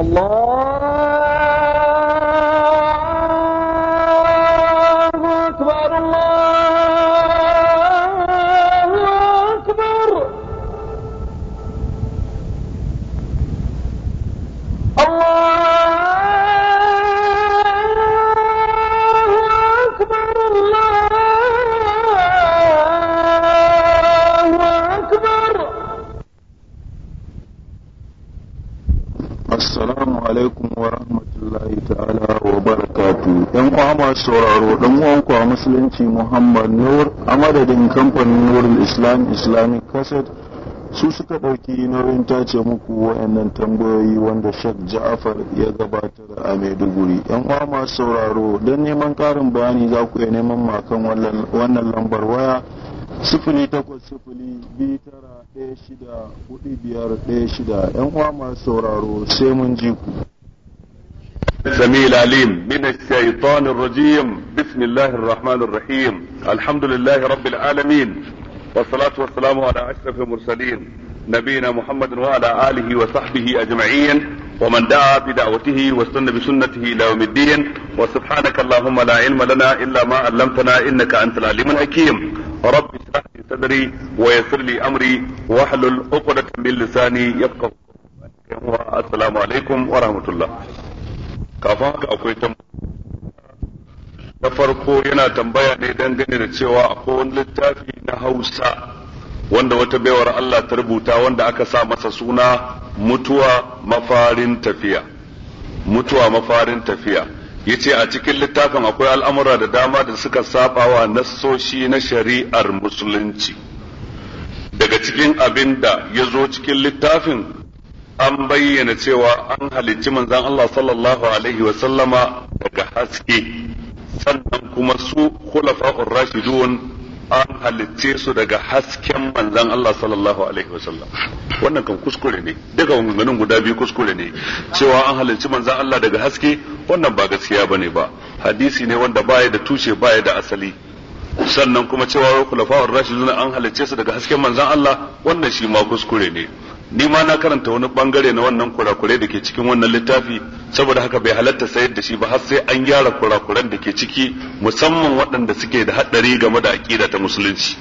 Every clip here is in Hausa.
الله musulunci muhammad nur a madadin kamfanin Nur islam islamic cassette su suka ɗauki nauyin tace muku wayannan tambayoyi wanda shak ja'afar ya gabatar a maiduguri yan uwa masu sauraro don neman ƙarin bayani za ku iya neman makan wannan lambar waya sifili takwas sifili biyu tara ɗaya shida hudu biyar ɗaya shida yan uwa masu sauraro sai mun ji ku. السميع العليم بسم الله الرحمن الرحيم الحمد لله رب العالمين والصلاة والسلام على أشرف المرسلين نبينا محمد وعلى آله وصحبه أجمعين ومن دعا بدعوته واستنى بسنته إلى يوم الدين وسبحانك اللهم لا علم لنا إلا ما علمتنا إنك أنت العليم الحكيم رب اشرح لي صدري ويسر لي أمري واحلل عقدة من لساني يفقه السلام عليكم ورحمة الله كفاك أكويتم na farko yana tambaya ne dangane da cewa akwai wani littafi na hausa wanda wata baiwar Allah ta rubuta wanda aka sa masa suna mutuwa mafarin tafiya mutuwa mafarin tafiya yace a cikin littafin akwai al'amura da dama da suka sabawa nasoshi na shari'ar musulunci daga cikin abin da ya zo cikin littafin an bayyana cewa an halicci manzon Allah sallallahu alaihi wasallama daga haske sannan kuma su khulafa'ur rashidun an halitce su daga hasken manzan Allah sallallahu alaihi wasallam wannan kan kuskure ne daga maganganun guda biyu kuskure ne cewa an halicci manzan Allah daga haske wannan ba gaskiya bane ba hadisi ne wanda baya da tushe baya da asali sannan kuma cewa wa khulafa'ur rashidun an halicce su daga hasken manzan Allah wannan shi ma kuskure ne ni ma na karanta wani bangare na wannan kurakure da ke cikin wannan littafi saboda haka bai halatta sayar da shi ba har sai an gyara kurakuran da ke ciki musamman waɗanda suke da haɗari game da aƙida ta musulunci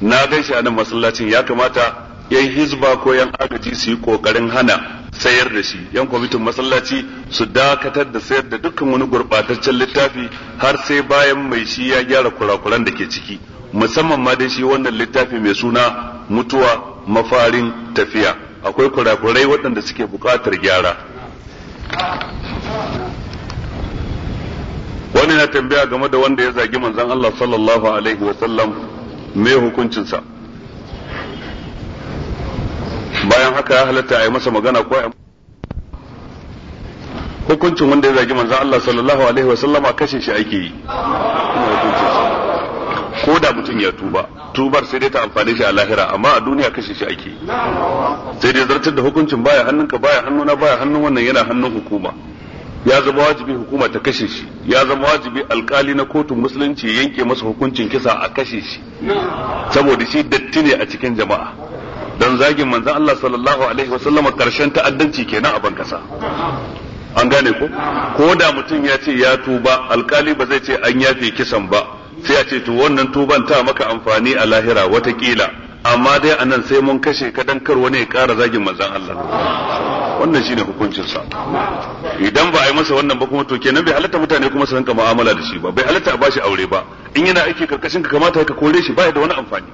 na gaishe a nan masallacin ya kamata yan hizba ko yan agaji su yi ƙoƙarin hana sayar da shi yan kwamitin masallaci su dakatar da sayar da dukkan wani gurɓataccen littafi har sai bayan mai shi ya gyara kurakuran da ke ciki musamman ma dai shi wannan littafi mai suna mutuwa mafarin tafiya akwai kurakurai waɗanda suke buƙatar gyara wani na tambaya game da wanda ya zagi manzon Allah sallallahu alaihi wa sallam me hukuncinsa bayan haka ya halatta a yi masa magana ko hukuncin wanda ya zagi manzon Allah sallallahu alaihi wa a kashe shi ake yi ko da mutum ya tuba tubar sai dai ta amfane shi a lahira amma a duniya kashe shi ake sai dai zartar da hukuncin baya hannunka baya hannuna baya hannun wannan yana hannun hukuma ya zama wajibi hukuma ta kashe shi ya zama wajibi alkali na kotun musulunci yanke masa hukuncin kisa a kashe shi saboda shi datti ne a cikin jama'a dan zagin manzon Allah sallallahu alaihi wasallam karshen ta'addanci kenan a ban kasa an gane ko ko da mutum ya ce ya tuba alkali ba zai ce an yafe kisan ba sai a ce to wannan tuban ta maka amfani a lahira watakila amma dai a nan sai mun kashe ka kar wani ya ƙara zagin manzan Allah wannan shine hukuncin sa idan ba a yi masa wannan ba kuma to kenan bai halatta mutane kuma su rinka mu'amala da shi ba bai halatta a bashi aure ba in yana aiki karkashin ka kamata ka kore shi baya da wani amfani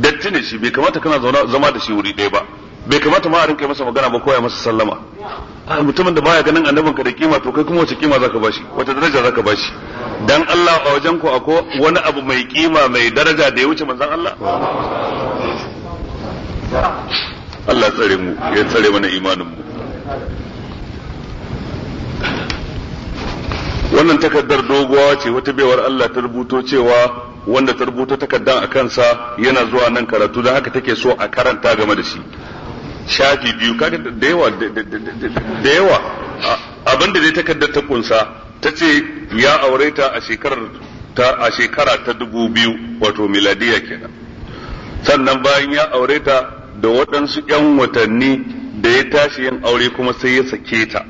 datti ne shi bai kamata kana zama da shi wuri ɗaya ba bai kamata ma a rinka masa magana ba ko ya masa sallama a mutumin da baya ganin annabinka da kima to kai kuma wace kima zaka bashi wace daraja zaka bashi dan Allah a wajen ku ako wani abu mai kima mai daraja da ya wuce manzon Allah Allah tsare mu ya tsare mana imanin mu wannan takardar doguwa ce wata bewar Allah ta rubuto cewa wanda ta rubuto takardar a kansa yana zuwa nan karatu don haka take so a karanta game da shi shafi biyu kaga da yawa da yawa abin da dai takardar ta kunsa ta ce ya aure ta a shekarar ta a shekara ta dubu biyu wato miladiya kenan sannan bayan ya aure ta da waɗansu ƴan watanni da ya tashi yin aure kuma sai ya sake ta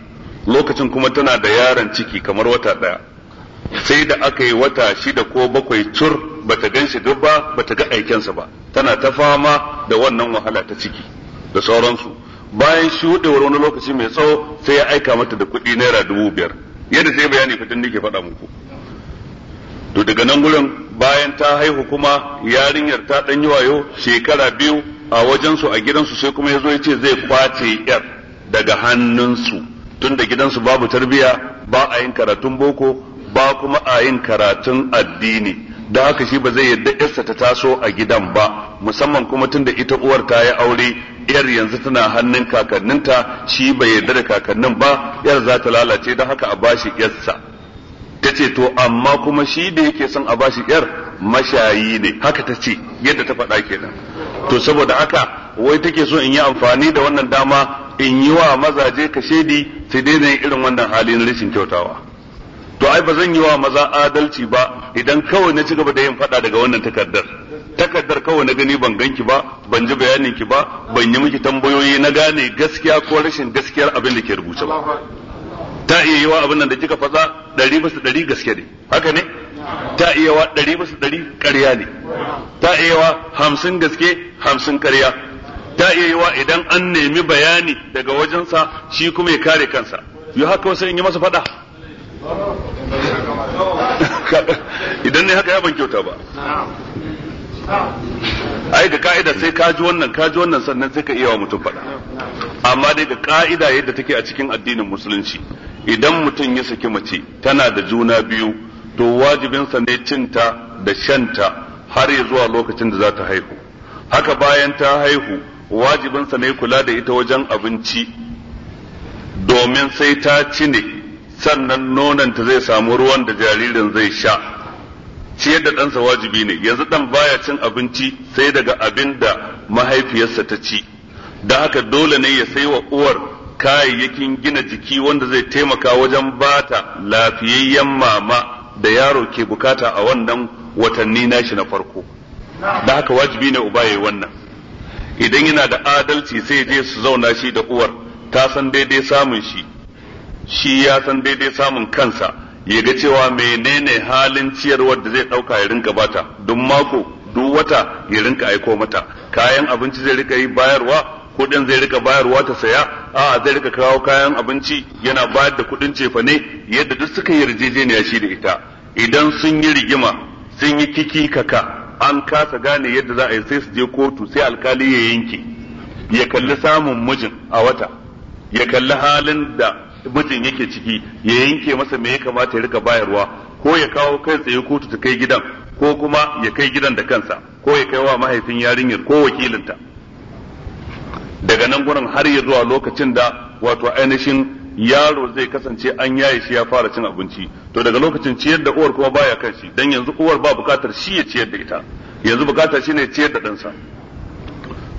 lokacin kuma tana da yaron ciki kamar wata ɗaya sai da aka yi wata shida ko bakwai cur bata gan shi ba bata ga aikensa ba tana ta fama da wannan wahala ta ciki da sauransu bayan shuɗewar wani lokaci mai tsawo sai ya aika mata da kuɗi naira dubu biyar yadda sai bayani fitin nike faɗa muku to daga nan gurin bayan ta haihu kuma yarinyar ta ɗan yi wayo shekara biyu a wajensu a gidansu sai kuma ya zo ya ce zai kwace yar daga hannunsu tun da gidansu babu tarbiya ba a yin karatun boko ba kuma a yin karatun addini Da haka shi ba zai yadda yarsa ta taso a gidan ba musamman kuma tunda ita uwar ta yi aure yar yanzu tana hannun kakanninta shi bai yarda da kakannin ba yar za ta lalace don haka a bashi yarsa ta ce to amma kuma shi da yake son a bashi yar mashayi ne haka ta ce yadda ta faɗa kenan to saboda haka wai take so in yi amfani da wannan dama in yi wa mazaje kashedi na yi irin wannan halin rashin kyautawa to ai ba zan yi wa maza adalci ba idan kawai na ci gaba da yin fada daga wannan takardar takardar kawai na gani ban ganki ba ban ji bayanin ki ba ban yi miki tambayoyi na gane gaskiya ko rashin gaskiyar abin da ke rubuce ba ta iya yi wa abin nan da kika faɗa ɗari bisa ɗari gaske ne haka ne ta iya wa ɗari bisa ɗari ƙarya ne ta iya wa hamsin gaske hamsin ƙarya ta iya yi wa idan an nemi bayani daga wajensa shi kuma ya kare kansa yau haka wasu in yi masa faɗa idan ne haka ya ban kyauta ba ai da ka'ida sai ka ji wannan ka ji wannan sannan sai ka iya wa mutum faɗa amma dai da ka'ida yadda take a cikin addinin musulunci idan mutum ya saki mace tana da juna biyu to wajibinsa ne cinta da shanta har ya zuwa lokacin da za ta haihu haka bayan ta haihu wajibinsa ne kula da ita wajen abinci domin sai ta ci sannan nonanta zai samu ruwan da jaririn zai sha ciyar da ɗansa wajibi ne yanzu ɗan baya cin abinci sai daga abin da mahaifiyarsa ta ci da haka dole ne ya sai wa uwar kayayyakin gina jiki wanda zai taimaka wajen bata lafiyayyen mama da yaro ke bukata a wannan watanni nashi na farko da haka wajibi ne uba yayi wannan idan yana da adalci sai je su zauna shi da uwar ta san daidai samun shi shi ya san daidai samun kansa ya ga cewa menene halin ciyarwar da zai ɗauka ya rinka bata duk mako duk wata ya rinka aiko mata kayan abinci zai rika yi bayarwa kuɗin zai rika bayarwa ta saya a zai rika kawo kayan abinci yana bayar da kuɗin cefane yadda duk suka yi yarjejeniya shi da ita idan sun yi rigima sun yi kiki kaka an kasa gane yadda za a yi sai su je kotu sai alkali ya yanke ya kalli samun mijin a wata ya kalli halin da mijin yake ciki ya yanke masa me ya kamata ya rika bayarwa ko ya kawo kai tsaye kotu ta kai gidan ko kuma ya kai gidan da kansa ko ya kai wa mahaifin yarinyar ko wakilinta daga nan gurin har ya zuwa lokacin da wato ainihin yaro zai kasance an yaye shi ya fara cin abinci to daga lokacin ciyar da uwar kuma baya kan shi dan yanzu uwar ba bukatar shi ya ciyar da ita yanzu bukatar shi ne ciyar da ɗansa.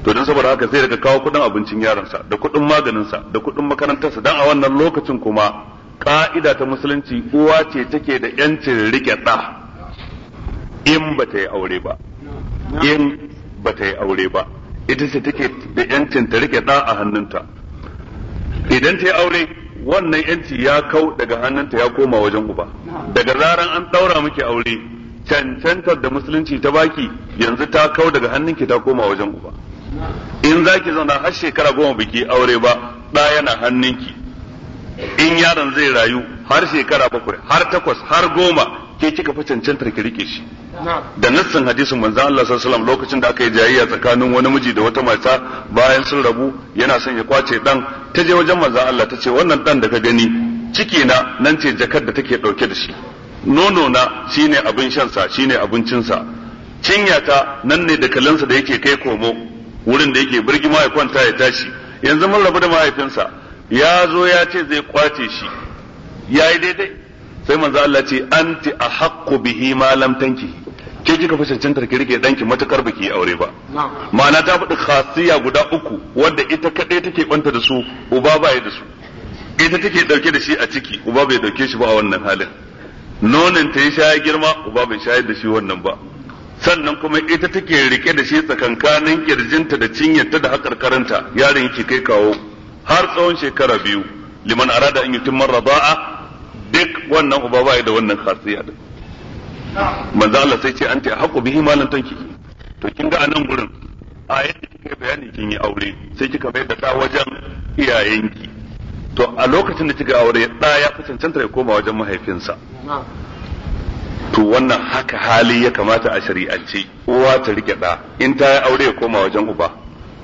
to don saboda haka sai daga kawo kudin abincin yaransa da kudin maganinsa da kudin makarantarsa dan a wannan lokacin kuma ƙa'ida ta musulunci uwa ce take da yancin rike ɗa in ba ta yi aure ba in ba ta yi aure ba ita ce take da yancin ta rike ɗa a hannunta idan ta yi aure wannan yanci ya kau daga hannunta ya koma wajen uba daga zaran an ɗaura miki aure cancantar da musulunci ta baki yanzu ta kau daga hannunki ta koma wajen uba in za ki zauna har shekara goma biki aure ba ɗa yana hannunki in yaron zai rayu har shekara bakwai har takwas har goma ke kika fi cancantar ki rike shi da nassin hadisin manzo Allah sallallahu alaihi lokacin da aka yi jayayya tsakanin wani miji da wata mata bayan sun rabu yana son ya kwace dan ta je wajen manzo Allah ta ce wannan dan da ka gani ciki na nan ce jakar da take dauke da shi nono na shine abin shan sa shine abincin sa cinya ta nan ne da kalansa da yake kai komo wurin da yake birgi ya kwanta ya tashi yanzu mun rabu da mahaifinsa ya zo ya ce zai kwace shi ya yi daidai sai manzo Allah ce anti ahaqqu bihi ma lam tanki ke kika fi cancantar ki rike danki matukar baki aure ba ma'ana ta faɗi khasiya guda uku wanda ita kadai take banta da su uba ba da su ita take dauke da shi a ciki uba bai ɗauke shi ba a wannan halin nonon ta ya sha girma uba bai shayar da shi wannan ba sannan kuma ita take rike da shi tsakankanin kirjinta da cinyarta da hakarkaranta yaron yake kai kawo har tsawon shekara biyu liman arada an yutim marrada'a duk wannan uba bai da wannan khasiya din manzo Allah sai ce anti haqu bihi malan tanki to kin ga anan gurin a yadda bayani kin yi aure sai kika bayar da da wajen iyayenki to a lokacin da kika aure da ya fi cancanta ya koma wajen mahaifinsa to wannan haka hali ya kamata a shari'ance uwa ta rike da in ta yi aure ya koma wajen uba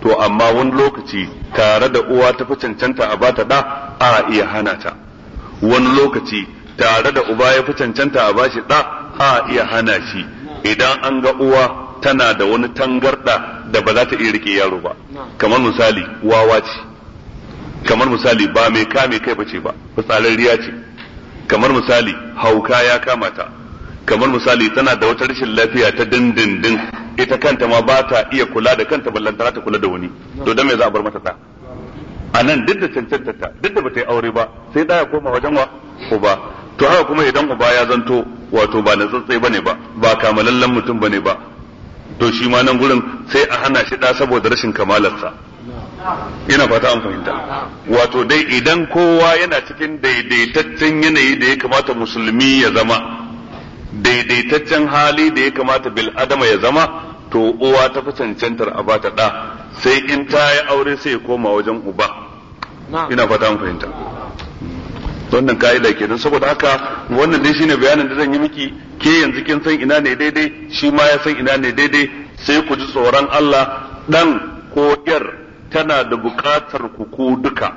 to amma wani lokaci tare da uwa ta fi cancanta a bata da a iya hana ta wani lokaci tare da uba ya fi cancanta a bashi da a iya hana shi idan an ga uwa tana da wani tangarda da ba za ta iya rike yaro ba kamar misali wawa ce kamar misali ba mai kame kai ba ce ba fitsararriya ce kamar misali hauka ya kamata kamar misali tana da wata rashin lafiya ta dindindin ita kanta ma ba ta iya kula da kanta ballantana ta kula da wani to dan me za a bar mata ta a nan duk da cancantar ta duk da bata yi aure ba sai da ya koma wajen wa uba to haka kuma idan uba ya zanto wato ba na tsatsai bane ba ba kamalallen mutum bane ba to shi ma nan gurin sai a hana shi da saboda rashin kamalarsa ina fata an fahimta wato dai idan kowa yana cikin daidaitaccen yanayi da ya kamata musulmi ya zama daidaitaccen hali da ya kamata bil adama ya zama to uwa ta fi cancantar a bata da sai in ta yi aure sai ya koma wajen uba ina fata mu fahimta wannan ka'ida don saboda haka wannan dai shine bayanin da zan yi miki ke yanzu kin san ina ne daidai shi ma ya san ina ne daidai sai ku ji tsoron Allah dan ko yar tana da bukatar ku ku duka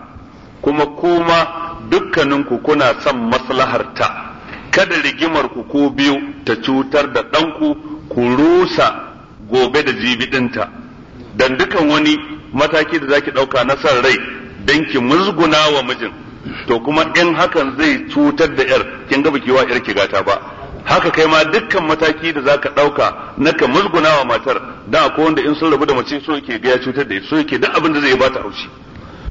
kuma kuma dukkaninku kuna son maslahar ta kada rigimar ku ko biyu ta cutar da ɗanku ku rusa gobe da jibi ɗinta dan dukan wani mataki da zaki ɗauka na san rai dan ki musguna wa mijin to kuma in hakan zai cutar da yar kin ga baki wa yar ki gata ba haka kai ma dukkan mataki da zaka ɗauka na ka musguna wa matar da akwai wanda in sun rabu da mace so yake ga ya cutar da ita so yake duk abin da zai bata haushi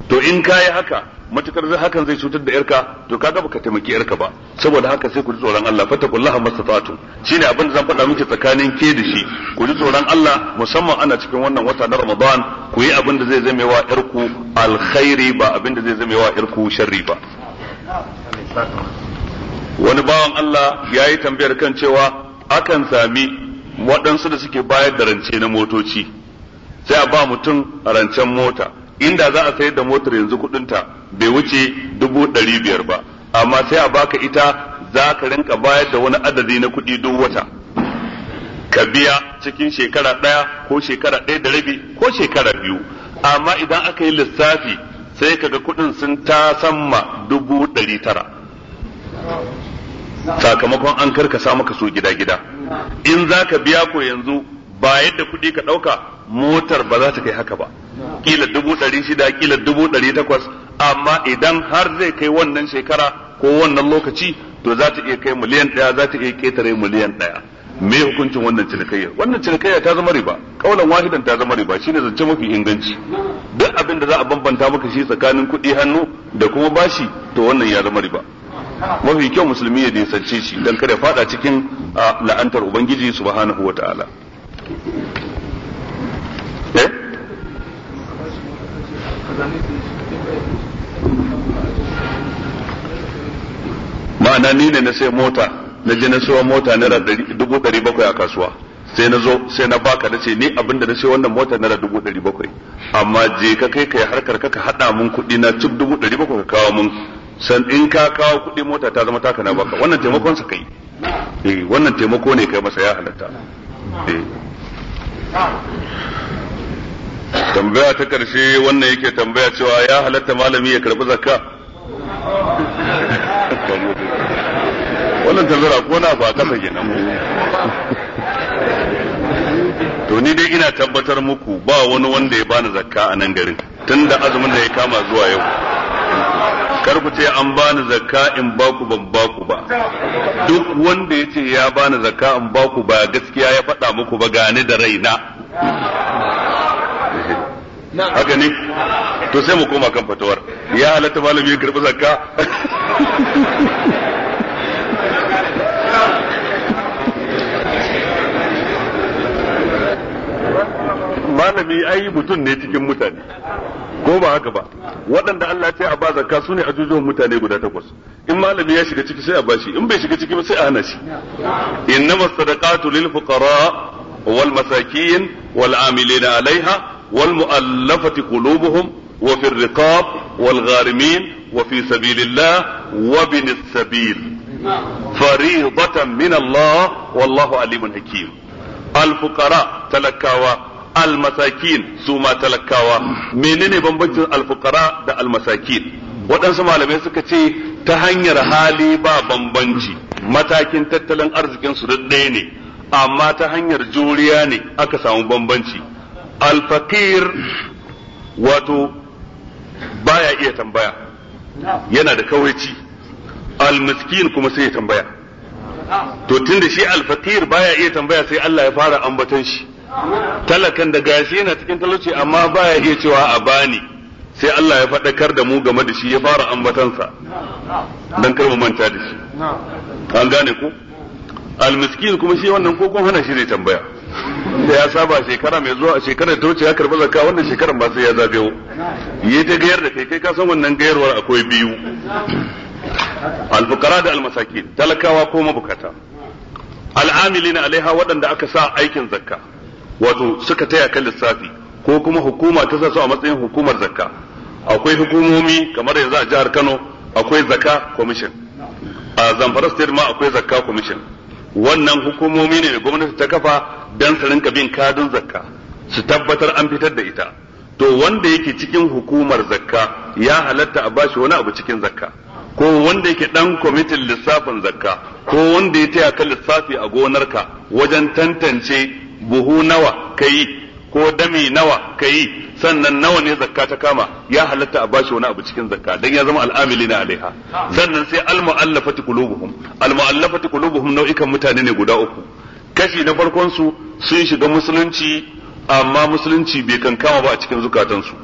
to in ka yi haka matukar zai hakan zai cutar da yarka to kaga baka taimaki yarka ba saboda haka sai ku ji tsoron Allah fattakullaha shi shine abin da zan faɗa miki tsakanin ke da shi ku ji tsoron Allah musamman ana cikin wannan wata na Ramadan ku yi abin da zai zame wa yarku alkhairi ba abin da zai zame wa yarku sharri ba wani bawan Allah ya yi tambayar kan cewa akan sami waɗansu da suke bayar da rance na motoci sai a ba mutum a rancen mota inda za a sayar da motar yanzu kudinta bai wuce dubu ɗari biyar ba amma sai a baka ita za ka rinka bayar da wani adadi na kuɗi duk wata ka biya cikin shekara ɗaya ko shekara ɗaya da rabi ko shekara biyu amma idan aka yi lissafi sai ka ga kuɗin sun ta samma dubu ɗari tara sakamakon an karkasa maka so gida-gida in za ka biya ko yanzu ba yadda kuɗi ka ɗauka motar ba za ta kai haka ba kila dubu ɗari shida kila dubu ɗari takwas amma idan har zai kai wannan shekara ko wannan lokaci to za ta iya kai miliyan ɗaya za ta iya ƙetare miliyan ɗaya me hukuncin wannan cinikayya wannan cinikayya ta zama riba kaulan wahidan ta zama riba shine zance mafi inganci duk abin da za a bambanta maka shi tsakanin kuɗi hannu da kuma bashi to wannan ya zama riba mafi kyau musulmi ya nisance shi dan kada fada cikin ah, la'antar ubangiji subhanahu wataala ma'ana ni ne na sai mota na je na sayo mota naira dubu ɗari bakwai a kasuwa sai na zo sai na baka na ce ni abinda na sayo wannan mota naira dubu ɗari bakwai amma je ka kai ka yi harkar ka ka haɗa mun kuɗi na cif dubu ɗari bakwai ka kawo mun san in ka kawo kuɗi mota ta zama taka na baka wannan taimakon sa kai eh, wannan taimako ne kai masa ya halatta eh. tambaya ta karshe wannan yake tambaya cewa ya halatta malami ya karbi zakka wannan tambayar ko na ba kasa kenan to ni dai ina tabbatar muku ba wani wanda ya bani zakka a nan garin tunda azumin da ya kama zuwa yau kar ku ce an bani zakka in baku ban baku ba duk wanda ya ce ya bani zakka in baku ba gaskiya ya faɗa muku ba gane da raina haka ne to sai mu koma kan fatawar ya halatta malami ya karɓi zakka malami ai mutum ne cikin mutane ko ba haka ba waɗanda Allah ce a ba zakka su ne ajujuwan mutane guda takwas in malami ya shiga ciki sai a bashi in bai shiga ciki ba sai a hana shi innamas sadaqatu lil fuqara wal masakin wal amilina alaiha wal mu'allafati wa fi riqab wal gharimin wa fi sabilillah wa bin al fuqara talakawa al masakin su talakawa menene bambancin al fuqara da al masakin waɗansu malamai suka ce ta hanyar hali ba bambanci matakin tattalin arzikinsu su ne amma ta hanyar juriya ne aka samu bambanci alfaqir wato baya iya tambaya yana da kawaici almiskin kuma sai ya tambaya to tunda shi alfaqir baya iya tambaya sai Allah ya fara ambaton shi talakan da gashi yana cikin talauci amma baya iya cewa a bani sai Allah ya faɗakar da mu game da shi ya fara ambatansa don kar mu manta da shi an gane ku almiskin kuma shi wannan kokon hana shi zai tambaya da ya saba shekara mai zuwa shekarar ta wuce ya karɓi zakka wannan shekarar ba sai ya zagayo yi ta gayar da kai kai ka san wannan gayarwar akwai biyu alfukara da almasaki talakawa ko mabukata al'amilina alaiha waɗanda aka sa aikin zakka wato suka taya kan lissafi ko kuma hukuma ta sa su a matsayin hukumar zakka akwai hukumomi kamar yanzu a jihar Kano akwai zakka commission a Zamfara state ma akwai zakka commission wannan hukumomi ne da gwamnati ta kafa dan su rinka bin kadin zakka su tabbatar an fitar da ita to wanda yake cikin hukumar zakka ya halatta a bashi wani abu cikin zakka ko wanda yake dan kwamitin lissafin zakka ko wanda ya taya ka lissafi a gonarka wajen tantance buhu nawa kayi ko dami nawa kayi. sannan nawa ne zakka ta kama ya halatta a bashi wani abu cikin zakka dan ya zama al'amili na alaiha sannan sai almu'allafati qulubuhum almu'allafati qulubuhum nau'ikan mutane ne guda uku kashi na farkon su sun shiga musulunci amma musulunci bai kankama ba a cikin zukatansu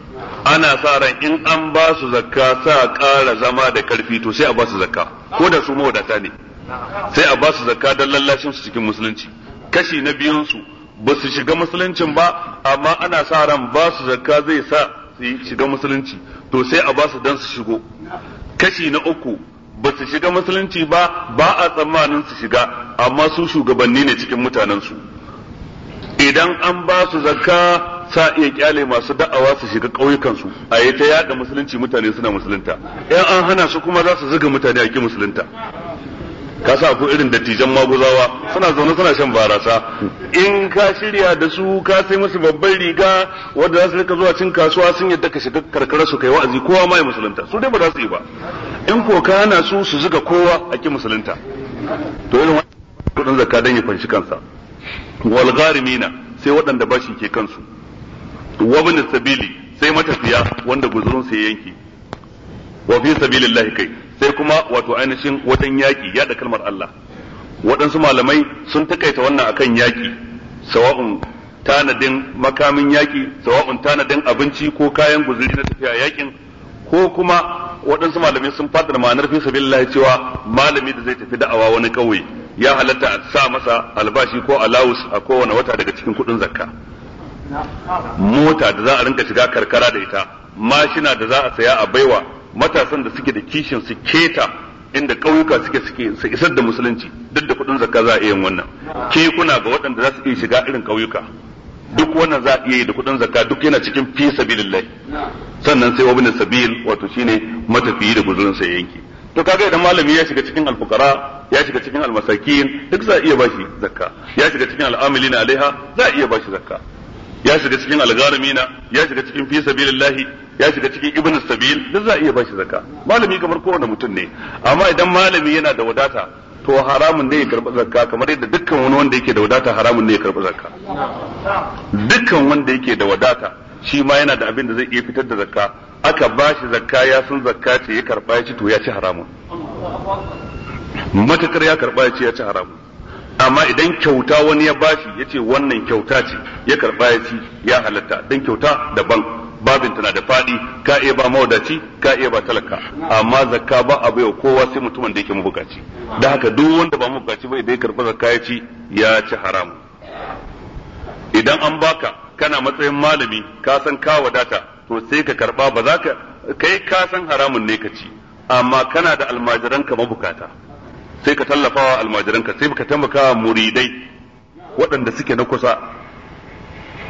ana sa ran in an ba su zakka sa ƙara zama da karfi to sai a ba su zakka ko da su mawadata ne sai a ba su zakka dan lallashin su cikin musulunci kashi na biyun su ba su shiga musuluncin ba amma ana sa ran ba su zakka zai sa su shiga musulunci to sai a ba su dan su shigo kashi na uku ba su shiga musulunci ba ba a tsammanin su shiga amma su shugabanni ne cikin mutanensu idan an ba su zakka sa iya kyale masu da'awa su shiga ƙauyukansu a yi ta yaɗa musulunci mutane suna musulunta in an hana su kuma za su zuga mutane a ki musulunta ka sa ku irin dattijan maguzawa suna zaune suna shan barasa in ka shirya da su ka sai musu babban riga wanda za su rika zuwa cin kasuwa sun yadda ka shiga karkara su kai wa'azi kowa ma ya musulunta su dai ba za su yi ba in ko ka hana su su zuga kowa a ki musulunta to irin kudin zakka dan ya kwanci kansa wal gharimina sai waɗanda bashi ke kansu wabin sabili sai matafiya wanda guzurun sai yanki wa fi sabilillahi kai sai kuma wato ainihin wajen yaƙi yaɗa kalmar Allah waɗansu malamai sun takaita wannan akan yaƙi sawa'un tanadin makamin yaƙi sawa'un tanadin abinci ko kayan guzuri na tafiya yaƙin ko kuma waɗansu malamai sun fadar ma'anar fi sabilillah cewa malami da zai tafi da'awa wani ƙauye ya halatta a sa masa albashi ko alawus a kowane wata daga cikin kuɗin zakka mota da za a rinka shiga karkara da ita mashina da za a saya a baiwa matasan da suke da kishin su keta inda ƙauyuka suke suke su isar da musulunci duk da kuɗin zakka za a iya wannan ke kuna ga waɗanda za su iya shiga irin ƙauyuka duk wannan za a iya yi da kuɗin zakka duk yana cikin fi sabilillah sannan sai wabin sabil wato shine matafiyi da guzurin sa yanke to kaga idan malami ya shiga cikin alfukara ya shiga cikin almasakin duk za a iya bashi zakka ya shiga cikin al'amilina alaiha za a iya bashi zakka ya shiga cikin na ya shiga cikin fi sabilillahi ya shiga cikin ibn sabil duk za a iya bashi zakka malami kamar kowane mutum ne amma idan malami yana da wadata to haramun ne ya karba zakka kamar yadda dukkan wani wanda yake da wadata haramun ne ya karba zakka dukkan wanda yake da wadata shi ma yana da abin da zai iya fitar da zakka aka bashi zakka ya san zakka ce ya karɓa ya ci to ya ci haramun matakar ya karɓa ya ci ya ci haramun amma idan kyauta wani ya bashi ya ce wannan kyauta ce ya karba ya ci ya halatta dan kyauta daban babin tana da faɗi ka iya ba mawadaci ka iya ba talaka amma zakka ba a baiwa kowa sai mutumin da yake mabukaci da haka duk wanda ba mabukaci ba idan ya karba zakka ya ci ya ci haramu idan an baka kana matsayin malami ka san ka wadata to sai ka karba ba za ka kai ka san haramun ne ka ci amma kana da almajiranka mabukata sai ka tallafawa almajiranka sai ka taimakawa muridai waɗanda suke na kusa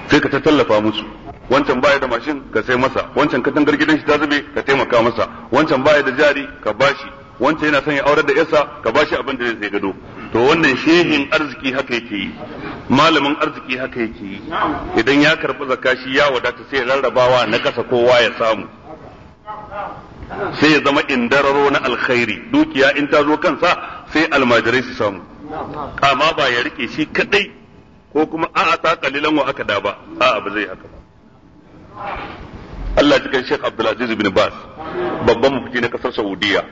sai ka ta tallafa musu wancan baya da mashin ka sai masa wancan katangar gidan shi ta zube ka taimaka masa wancan baya da jari ka bashi wancan yana son ya aurar da yasa ka bashi abin da zai sai gado to wannan shehin arziki haka yake yi malamin arziki haka yake yi idan ya karɓi zakka shi ya wadata sai ya rarrabawa na kasa kowa ya samu sai ya zama indararo na alkhairi dukiya in ta zo kansa sai almajirai su samu amma ba ya rike shi kadai ko kuma a a ta kalilan wa aka da ba a ba zai haka ba Allah cikin Sheikh Abdulaziz bin Bas babban mufti na kasar Saudiya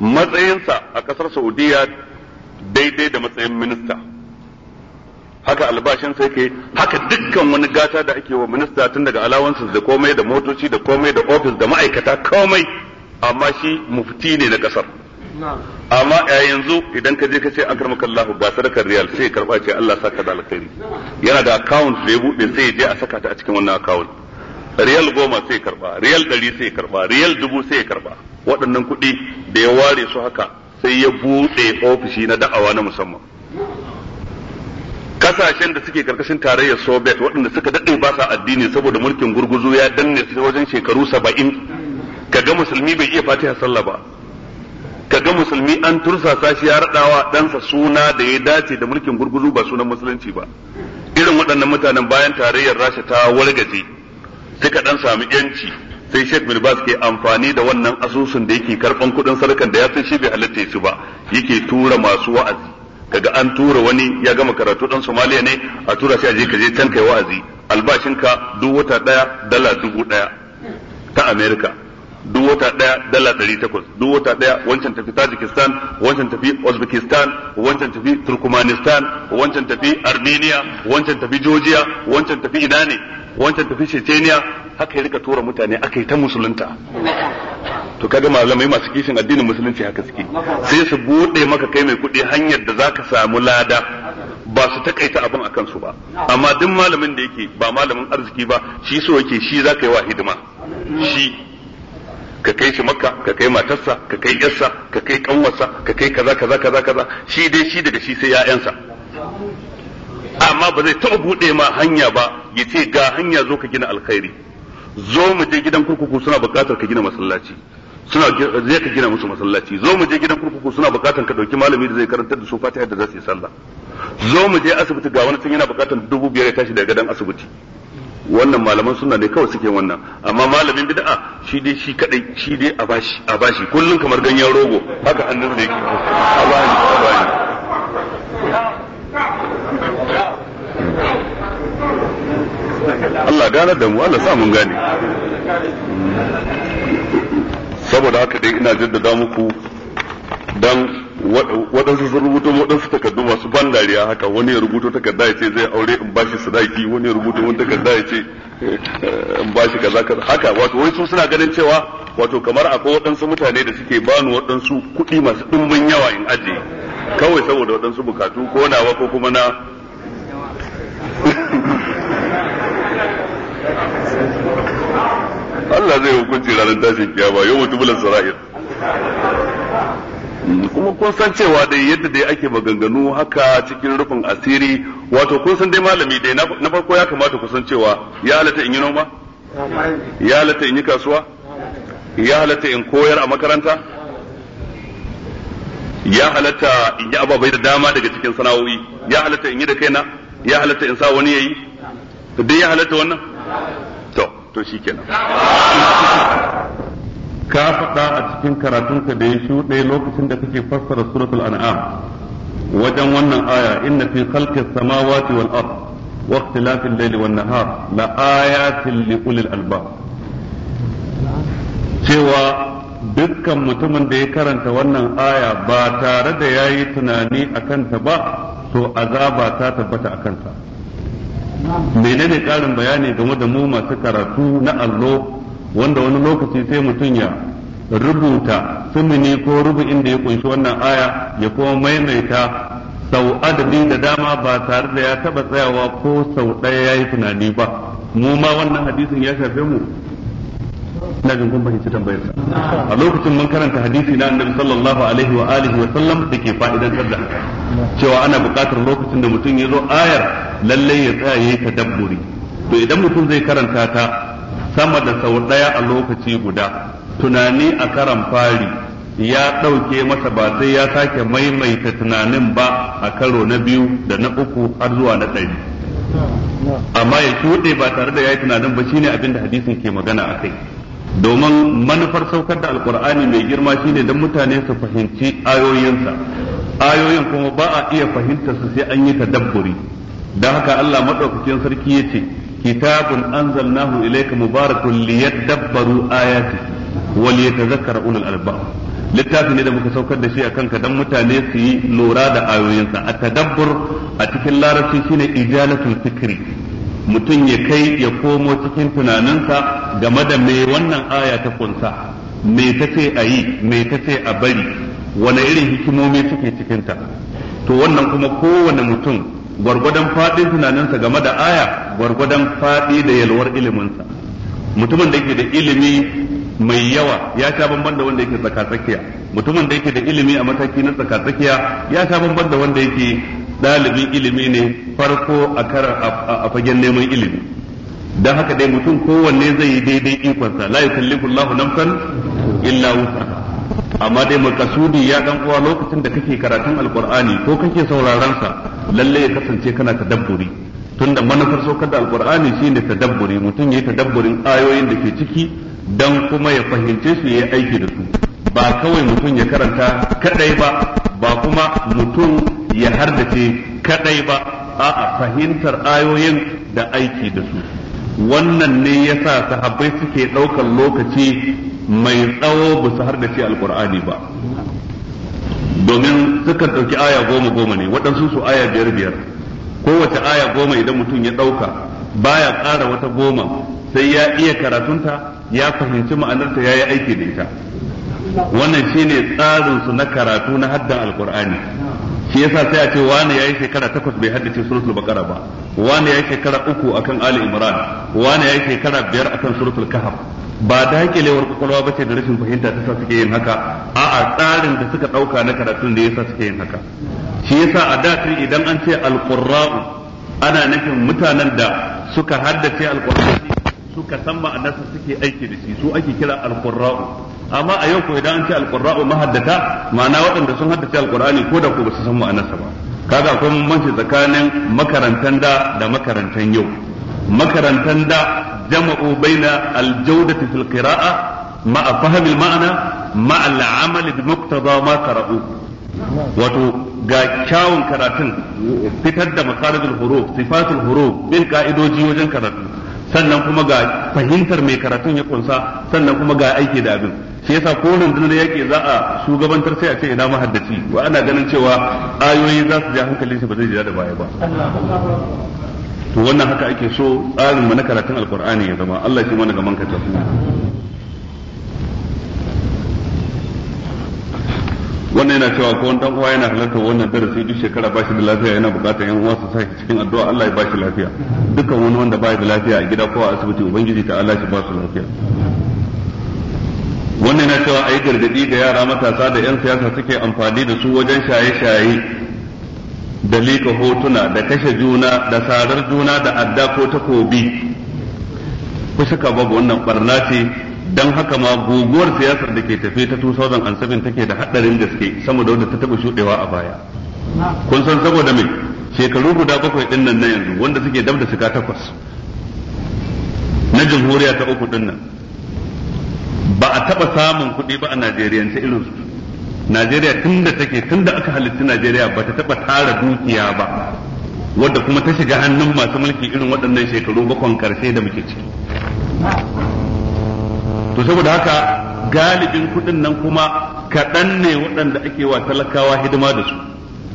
matsayinsa a kasar Saudiya daidai da matsayin minista haka albashin sai ke haka dukkan wani gata da ake wa minista tun daga alawansu da komai da motoci da komai da ofis da ma'aikata komai amma shi mufti ne na kasar amma a yanzu idan ka je ka ce akramaka Allah ga sadakar riyal sai karba ce Allah saka da alkhairi yana da account da ya buɗe sai ya je a saka ta a cikin wannan account riyal goma sai karba riyal ɗari sai karba riyal dubu sai karba waɗannan kuɗi da ya ware su haka sai ya buɗe ofishi na da'awa na musamman kasashen da suke karkashin tarayyar soviet waɗanda suka daɗe ba sa addini saboda mulkin gurguzu ya danne su wajen shekaru saba'in kaga musulmi bai iya fatiha sallah ba kaga musulmi an tursasa shi ya raɗawa ɗansa suna da ya dace da mulkin gurguzu ba sunan musulunci ba irin waɗannan mutanen bayan tarayyar rasha ta wargaje sai ka ɗan sami yanci sai Sheikh bin ke amfani da wannan asusun da yake karban kuɗin sarkan da ya san shi bai halatta shi ba yake tura masu wa'azi kaga an tura wani ya gama karatu dan Somalia ne a tura shi a je ka je can kai wa'azi albashinka duk wata ɗaya dala dubu ɗaya. ta America duk wata daya dala ɗari takwas duk wata daya wancan tafi tajikistan wancan tafi uzbekistan wancan tafi turkmanistan wancan tafi armenia wancan tafi georgia wancan tafi ina ne wancan tafi chechenia haka ya rika tura mutane aka yi ta musulunta to kaga malamai masu kishin addinin musulunci haka suke sai su buɗe maka kai mai kuɗi hanyar da zaka samu lada ba su takaita abin a kansu ba amma duk malamin da yake ba malamin arziki ba shi so yake shi zaka yi wa hidima shi ka kai shi makka ka kai matarsa ka kai yarsa ka kai kanwarsa ka kai kaza kaza kaza kaza shi dai shi daga shi sai ya'yansa amma ba zai taɓa buɗe ma hanya ba ya ce ga hanya zo ka gina alkhairi zo mu je gidan kurkuku suna buƙatar ka gina masallaci suna zai ka gina musu masallaci zo mu je gidan kurkuku suna buƙatar ka ɗauki malami da zai karantar da su fatiha da za su yi sallah zo mu je asibiti ga wani tun yana buƙatar dubu biyar ya tashi daga gadon asibiti wannan malaman suna ne kawai suke wannan amma malamin bid'a shi dai shi kadai shi dai a bashi a bashi kullun kamar ganyen rogo haka hannun da yake a bashi a bashi Allah gane da mu Allah sa mun gane saboda haka dai ina jaddada muku dan waɗansu sun rubuto waɗansu takardu masu ban dariya haka wani ya rubuto takarda ya ce zai aure in bashi sadaki wani ya rubuto wani takarda ya ce eh, in bashi kaza kaza haka wato wai su suna ganin cewa wato kamar akwai waɗansu mutane da suke bani waɗansu kuɗi masu ɗimbin yawa in aje kawai saboda waɗansu bukatu ko nawa ko kuma na Allah zai hukunci ranar tashin kiyama yau mutubulan sara'ir kuma kun san cewa dai yadda dai ake maganganu haka cikin rufin asiri wato kun san dai malami dai na farko ya kamata ku san cewa ya halatta in yi noma ya halatta in yi kasuwa ya halatta in koyar a makaranta ya halatta in yi ababai da dama daga cikin sana'o'i ya halatta in yi da kaina ya halatta in sa wani yayi dai ya halatta wannan to to shikenan ka faɗa a cikin karatunka da ya shuɗe lokacin da kake fassara suratul an'am wajen wannan aya inna fi khalqis samawati wal ard wa ikhtilafil layli wan nahar la ayatin li ulil albab cewa dukkan mutumin da ya karanta wannan aya ba tare da yayi tunani akan ta ba to azaba ta tabbata akan ta menene karin bayani game da mu masu karatu na allo wanda wani lokaci sai mutum ya rubuta sumini ko rubu'in da ya kunshi wannan aya ya kuma maimaita sau adadi da dama ba tare da ya taba tsayawa ko sau ɗaya ya yi tunani ba mu ma wannan hadisin ya shafe mu ina jin kun fahimci tambayar a lokacin mun karanta hadisi na annabi sallallahu alaihi wa alihi wa sallam da ke fa'idantar da cewa ana buƙatar lokacin da mutum ya zo ayar lalle ya tsaya yayi tadabburi to idan mutum zai karanta ta sama da sau ɗaya a lokaci guda tunani a karan fari ya ɗauke masa ba sai ya sake maimaita tunanin ba a karo na biyu da na uku har zuwa na ɗari amma ya shuɗe ba tare da ya yi tunanin ba shine abin da hadisin ke magana a kai domin manufar saukar da alkur'ani mai girma shine don mutane su fahimci ayoyinsa ayoyin kuma ba a iya fahimta su sai an yi ta dabburi. don haka Allah maɗaukakin sarki ya ce kitabun anzalnahu ilayka mubarakun liyadabbaru ayati wa liyatadhakkara ulul albab ne da muka saukar da shi a kanka dan mutane su yi lura da ayoyinsa a tadabbur a cikin larabci shine ijalatul fikri mutum ya kai ya komo cikin tunaninsa game da me wannan aya ta kunsa me ta ce a yi me ta ce a bari wane irin hikimomi suke cikinta to wannan kuma kowane mutum gwargwadon faɗi tunaninsa game da aya gwargwadon faɗi da yalwar iliminsa mutumin da yake da ilimi mai yawa ya sha bamban da wanda yake tsakatsakiya mutumin da yake da ilimi a mataki na tsakatsakiya ya sha bamban da wanda yake ɗalibin ilimi ne farko a karar a fagen neman ilimi don haka dai mutum kowanne zai yi daidai ikonsa la yukallifu Allahu nafsan illa wusaha amma dai makasudi ya dan uwa lokacin da kake karatun alqur'ani ko kake sauraron sa lalle ya kasance kana tadabburi tunda manufar saukar da alqur'ani shine tadabburi mutum yayi tadabburin ayoyin da ke ciki dan kuma ya fahimce su yayi aiki da su ba kawai mutum ya karanta kadai ba ba kuma mutum ya hardace kadai ba a'a fahimtar ayoyin da aiki da su wannan ne ya sa sahabbai suke ɗaukar lokaci mai tsawo ba su har da shi alkur'ani ba domin suka ɗauki aya goma goma ne waɗansu su aya biyar biyar kowace aya goma idan mutum ya ɗauka baya ƙara wata goma sai ya iya karatunta ya fahimci ma'anarta ya yi aiki da ita wannan shine tsarinsu na karatu na haddan alkur'ani shi yasa sai a ce wani yayi shekara takwas bai haddace suratul baqara ba wani yayi shekara uku akan ali imran wani yayi shekara biyar akan suratul kahf ba dakilewar kwakwalwa ba ce da rashin fahimta ta sa suke yin haka a'a tsarin da suka ɗauka na karatun da yasa suke yin haka shi yasa a da idan an ce alqurra'u ana nufin mutanen da suka haddace alqur'ani suka san ma'anarsa suke aiki da shi su ake kira alqurra'u amma a yau ko idan an ce alqurra'u mahaddata ma'ana waɗanda sun haddace alqur'ani ko da ko ba su san ma'anarsa ba kaga akwai bambanci tsakanin makarantan da da makarantan yau makarantan da jama'u baina aljawdati fil qira'a ma'a fahmi ma'ana ma'a al'amali bi muqtada ma qara'u wato ga kyawun karatun fitar da makaradul huruf sifatul huruf bin ka'idoji wajen karatu sannan kuma ga fahimtar mai karatun ya kunsa sannan kuma ga aiki da abin shi yasa ko rundunar yaki za a shugabantar sai a ce ina mahaddaci wa ana ganin cewa ayoyi za su ja hankalin shi ba zai jira da baya ba to wannan haka ake so tsarin mu na karatun alqur'ani ya zama Allah shi mana gaman ka wannan yana cewa ko wani uwa yana halartar wannan darasi duk shekara ba shi da lafiya yana bukatar yan uwa su sa cikin addu'a Allah ya ba shi lafiya dukkan wani wanda ba da lafiya a gida ko a asibiti ubangiji ta Allah shi ba su lafiya wannan na cewa ayi gargaɗi ga yara matasa da 'yan siyasa suke amfani da su wajen shaye-shaye da lika hotuna da kashe juna da sarar juna da adda ko takobi ku suka babu wannan barna ce don haka ma guguwar siyasar da ke tafi ta 2007 take da haɗarin gaske sama da wadda ta taɓa shuɗewa a baya kun san saboda mai shekaru guda bakwai ɗin na yanzu wanda suke dab da shiga takwas na jamhuriya ta uku ɗin ba a taba samun kuɗi ba a Najeriya ta irin su Najeriya tunda take tunda aka halitta Najeriya ba ta taba tara dukiya ba wadda kuma ta shiga hannun masu mulki irin waɗannan shekaru bakon karshe da muke ciki to saboda haka galibin kuɗin nan kuma kaɗan ne waɗanda ake wa talakawa hidima da su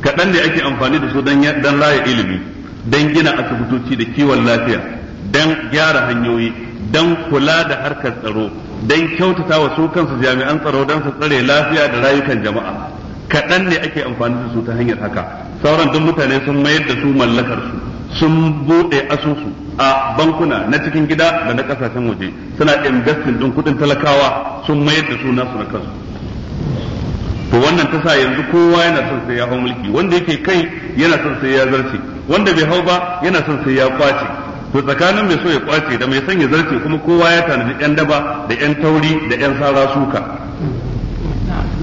kaɗan ne ake amfani da su don raya ilimi don gina asibitoci da kiwon lafiya don gyara hanyoyi don kula da harkar tsaro dan kyautata wa su kansu jami'an tsaro dan su tsare lafiya da rayukan jama'a kaɗan ne ake amfani da su ta hanyar haka sauran duk mutane sun mayar da su mallakar su sun buɗe asusu a bankuna na cikin gida da na ƙasashen waje suna investing din kuɗin talakawa sun mayar da su nasu na kansu to wannan ta sa yanzu kowa yana son sai ya hau mulki wanda yake kai yana son sai ya zarce wanda bai hau ba yana son sai ya kwace to tsakanin mai so ya kwace da mai son ya zarce kuma kowa ya tanadi yan daba da yan tauri da yan sara suka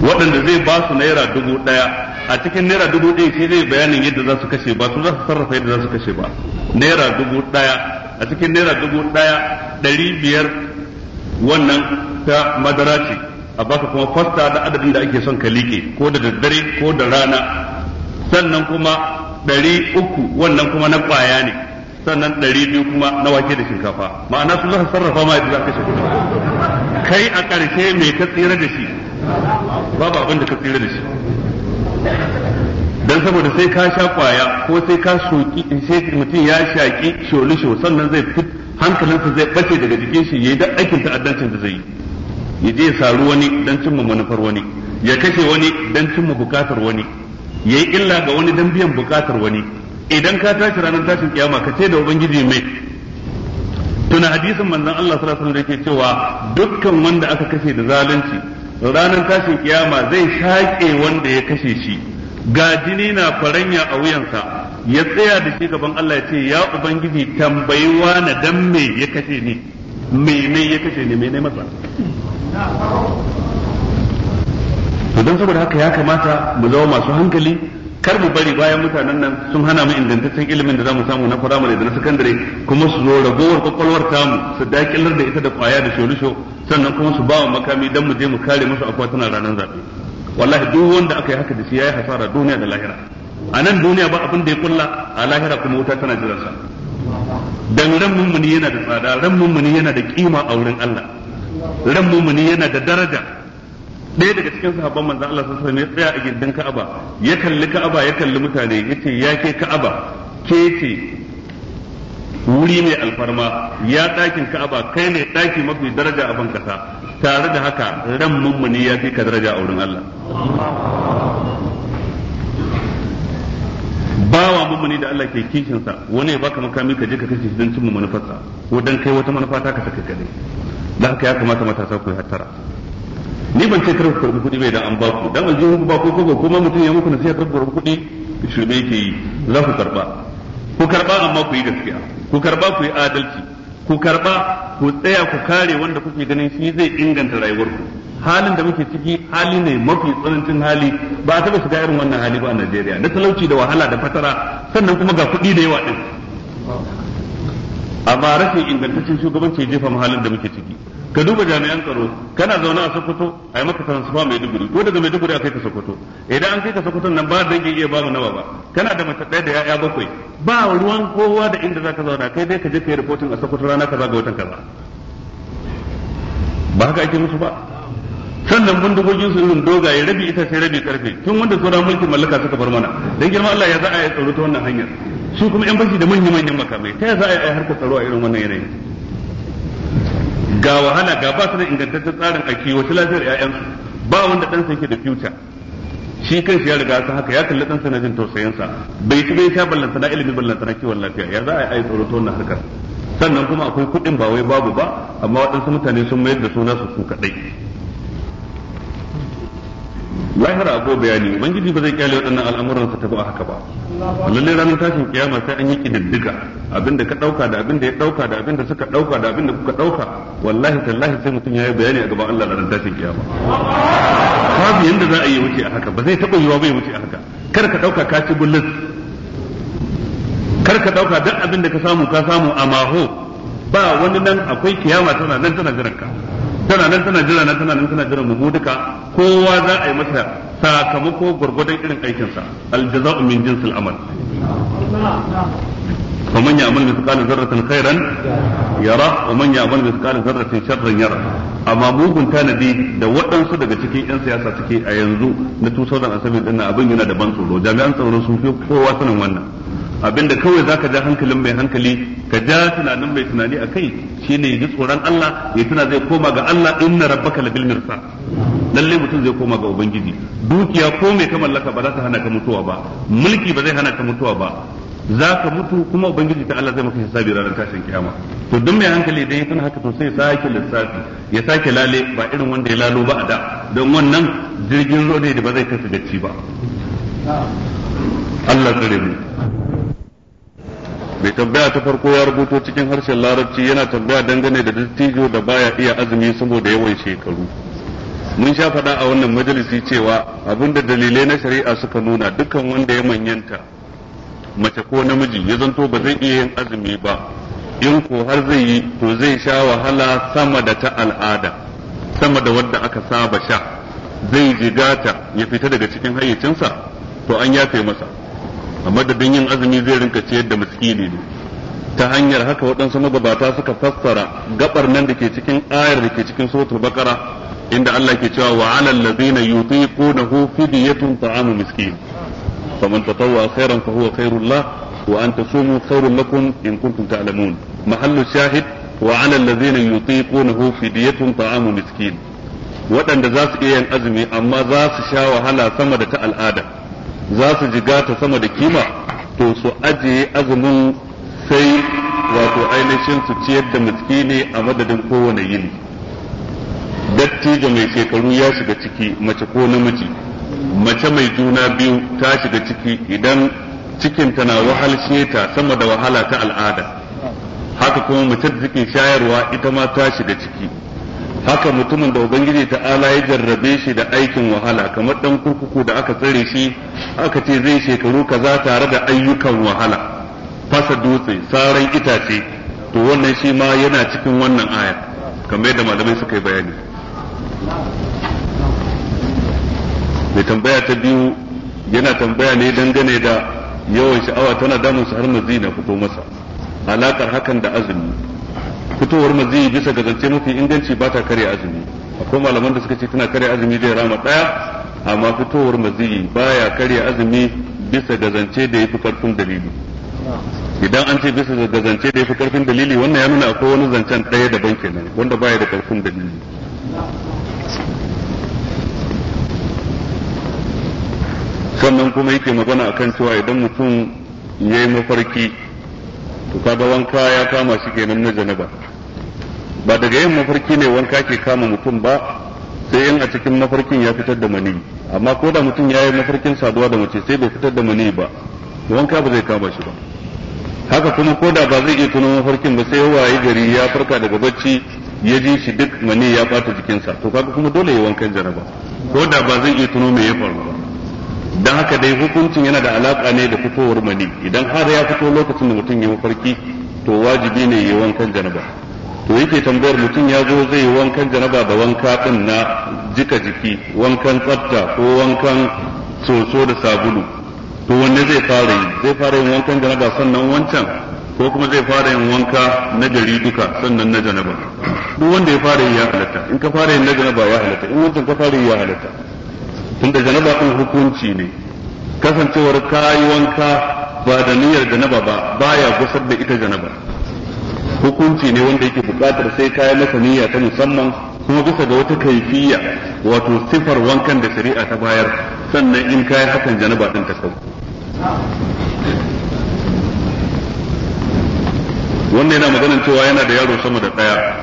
waɗanda zai ba su naira dubu ɗaya a cikin naira dubu ɗaya sai zai bayanin yadda za su kashe ba su za su sarrafa yadda za su kashe ba naira dubu ɗaya a cikin naira dubu ɗaya ɗari biyar wannan ta madara ce a baka kuma fasta da adadin da ake son ka liƙe ko da daddare ko da rana sannan kuma ɗari uku wannan kuma na ƙwaya ne sannan ɗari biyu kuma na wake da shinkafa ma'ana su zaka sarrafa ma yadda za shiga kai a ƙarshe me ka tsira da shi babu abin da ka tsira da shi dan saboda sai ka sha kwaya ko sai ka shoki sai mutum ya shaki sholisho sannan zai fit hankalinsa zai bace daga jikin shi yi da aikin ta'addancin da zai yi ya je ya saru wani dan cimma manufar wani ya kashe wani dan cimma bukatar wani yayi illa ga wani dan biyan bukatar wani idan ka tashi ranar tashin kiyama ka ce da ubangiji mai tuna hadisin manzon Allah sallallahu alaihi wasallam yake cewa dukkan wanda aka kashe da zalunci ranar tashin kiyama zai shaƙe wanda ya kashe shi ga jini na faranya a wuyansa ya tsaya da shi gaban Allah ya ce ya ubangiji tambayi wani dan me ya kashe ni me ne ya kashe ni me ne masa to don saboda haka ya kamata mu zama masu hankali kar mu bari bayan mutanen nan sun hana mu ingantaccen ilimin da za mu samu na firamare da na sakandare kuma su zo ragowar kwakwalwar tamu su dakilar da ita da kwaya da sholisho sannan kuma su bawa makami dan mu je mu kare musu akwatunan ranar zaɓe wallahi duk wanda aka yi haka da shi yayi hasara duniya da lahira a nan duniya ba abin da ya kulla a lahira kuma wuta tana jiran sa dan ran mummuni yana da tsada ran mummuni yana da kima a wurin Allah ran mummuni yana da daraja ɗaya daga cikin sahabban manzon Allah sallallahu alaihi ya tsaya a gindin Ka'aba ya kalli Ka'aba ya kalli mutane yace ya ke Ka'aba ke ce wuri mai alfarma ya ɗakin Ka'aba kai ne ɗaki mafi daraja a bankasa, tare da haka ran mummuni ya fi ka daraja a wurin Allah bawa mummuni da Allah ke kishinsa wani ya baka makami ka je ka kashe don cimma manufarsa ko dan kai wata manufa ta ka take kadai dan haka ya kamata matasa ku hattara ni ban ce karku karbi kuɗi bai da an baku dan aljihun ba ko ko kuma mutum ya muku nasiha karku karbi kuɗi shirme yake yi za ku karba ku karba amma ku yi gaskiya ku karba ku yi adalci ku karba ku tsaya ku kare wanda kuke ganin shi zai inganta rayuwarku halin da muke ciki hali ne mafi tsanancin hali ba a taɓa shiga irin wannan hali ba a Najeriya na talauci da wahala da fatara sannan kuma ga kuɗi da yawa din amma rashin ingantaccen shugabanci jefa halin da muke ciki ka duba jami'an tsaro kana zaune a Sokoto a yi maka sansuwa mai duguri ko daga mai duguri kai ka Sokoto idan an kai ka Sokoto nan ba dangin iya bamu nawa ba kana da mace ɗaya da yaya bakwai ba ruwan kowa da inda zaka zauna kai dai ka je kai reporting a Sokoto rana kaza ga watan kaza ba haka ake musu ba sannan bindigogin su irin dogaye rabi ita sai rabi karfe tun wanda sauran mulkin mallaka suka bar mana dan girma Allah ya za a yi tsaro ta wannan hanyar su kuma yan bashi da manyan manyan makamai ta ya za a yi harkar tsaro a irin wannan yanayin ga wahala ga ba su da ingantaccen tsarin a kiwace lafiyar 'ya'yansu ba wanda ɗansa yake da future shi shi ya riga ta haka ya kalli ɗansa na jin tausayinsa bai ci bai sha ballanta na ilimi ballanta na kiwon lafiya ya za a yi tsoro ta wannan harkar sannan kuma akwai kuɗin ba wai babu ba amma waɗansu mutane sun mayar da suna su su kaɗai lahira ko bayani ubangiji ba zai kyale waɗannan al'amuran sa tafi a haka ba lalle ranar tashin kiyama sai an yi kididdiga abinda ka dauka da abinda ya dauka da abinda suka dauka da abinda kuka dauka wallahi tallahi sai mutum ya yi bayani a gaban Allah ranar tashin kiyama babu yanda za a yi wuce a haka ba zai taɓa yiwa bai wuce a haka kar ka dauka ka ci bullis kar ka dauka duk abinda ka samu ka samu a maho ba wani nan akwai kiyama tana nan tana jiran ka tana nan tana jira nan tana nan tana jira mu duka kowa za a yi masa sakamako gurgurdan irin aikinsa aljaza'u min jinsil amal ya'mal mithqala dharratin khairan yara wa man ya'mal mithqala dharratin sharran yara amma mugun tanadi da waɗansu daga cikin 'yan siyasa suke a yanzu na 2007 ɗin abin yana da ban tsoro jami'an tsaro sun fi kowa sanin wannan abinda kawai zaka ja hankalin mai hankali ka ja tunanin mai tunani a kai shi ne ji tsoron Allah ya tuna zai koma ga Allah inna rabbaka labil mirsa lalle mutum zai koma ga ubangiji dukiya ko mai ka mallaka ba za ta hana ka mutuwa ba mulki ba zai hana ka mutuwa ba za ka mutu kuma ubangiji ta Allah zai maka hisabi ranar tashin kiyama to duk mai hankali dai ya haka to sai ya sake lissafi ya sake lale ba irin wanda ya lalo ba a da don wannan jirgin rode da ba zai kai su ba Allah tsare mu mai tambaya ta farko ya rubuto cikin harshen larabci yana tambaya dangane da dattijo da baya iya azumi saboda yawan shekaru mun sha faɗa a wannan majalisi cewa abinda dalilai na shari'a suka nuna dukkan wanda ya manyanta mace ko namiji ya zanto ba zai iya yin azumi ba in ko har zai yi to zai sha wahala sama da ta al'ada sama da wadda aka saba sha zai jigata ya fita daga cikin hayyacinsa to an yafe masa a madadin yin azumi zai rinka ciyar da miskini ne ta hanyar haka waɗansu magabata suka fassara gabar nan da ke cikin ayar da ke cikin suratul bakara. inda Allah ke cewa wa 'alal ladzina yutiqunahu fidyatun ta'amu miskin faman tatawwa khairan fa huwa khairul lah wa an tasumu khairul lakum in kuntum ta'lamun mahallu shahid wa 'alal ladzina yutiqunahu fidyatun ta'amu miskin waɗanda za su iya yin azumi amma za su sha wahala sama da ta al'ada za su jiga ta sama da kima to su ajiye azumin sai wato ainihin su ciyar da ne a madadin kowane yini dattijo mai shekaru ya shiga ciki mace ko namiji mace mai juna biyu ta shiga ciki idan cikin tana wahal sheta sama da wahala ta al'ada haka kuma mace da suke shayarwa ita ma ta shiga ciki haka mutumin da ubangiji ala ya jarrabe shi da aikin wahala kamar dan kurkuku da aka tsare shi aka ce zai shekaru kaza tare da ayyukan wahala fasa dutse saran itace to wannan shi ma yana cikin wannan aya kamar yadda malamai suka yi bayani mai tambaya ta biyu yana tambaya ne dangane da yawan sha'awa tana damun su har mazi na fito masa alakar hakan da azumi fitowar maziyi bisa ga zance mafi inganci ba ta karya azumi akwai malaman da suka ce tana karya azumi zai rama daya amma fitowar maziyi baya karya azumi bisa ga zance da yafi karfin dalili idan an ce bisa ga zance da yafi karfin dalili wannan ya nuna akwai wani zancen daya daban kenan wanda baya da karfin dalili sannan kuma yake magana akan cewa idan mutum ya yi mafarki to kaga wanka ya kama shi kenan na janaba ba daga yin mafarki ne wanka ke kama mutum ba sai in a cikin mafarkin ya fitar da mani amma ko da mutum ya yi mafarkin saduwa da mace sai bai fitar da mani ba wanka ba zai kama shi ba haka kuma ko da ba zai iya tunan mafarkin ba sai waye gari ya farka daga bacci ya ji shi duk mani ya bata jikinsa to kaga kuma dole ya wankan janaba ko da ba zai iya tuno me ya faru ba dan haka dai hukuncin yana da alaka ne da fitowar mani idan har ya fito lokacin da mutum ya mafarki to wajibi ne ya wankan janaba to yake tambayar mutum ya zo zai yi wankan janaba da wanka din na jika jiki wankan tsafta ko wankan soso da sabulu to wanne zai fara yi zai fara yin wankan janaba sannan wancan ko kuma zai fara yin wanka na gari duka sannan na janaba duk wanda ya fara yi ya halatta in ka fara yin na janaba ya halatta in wancan ka fara yi ya halatta tunda janaba din hukunci ne kasancewar kayi wanka ba da niyyar janaba ba baya gusar da ita janaba hukunci ne wanda yake buƙatar sai kayi masa niyya ta musamman kuma bisa ga wata kaifiya wato sifar wankan da shari'a ta bayar sannan in kayi hakan janaba din ta sau wannan yana maganin cewa yana da yaro sama da ɗaya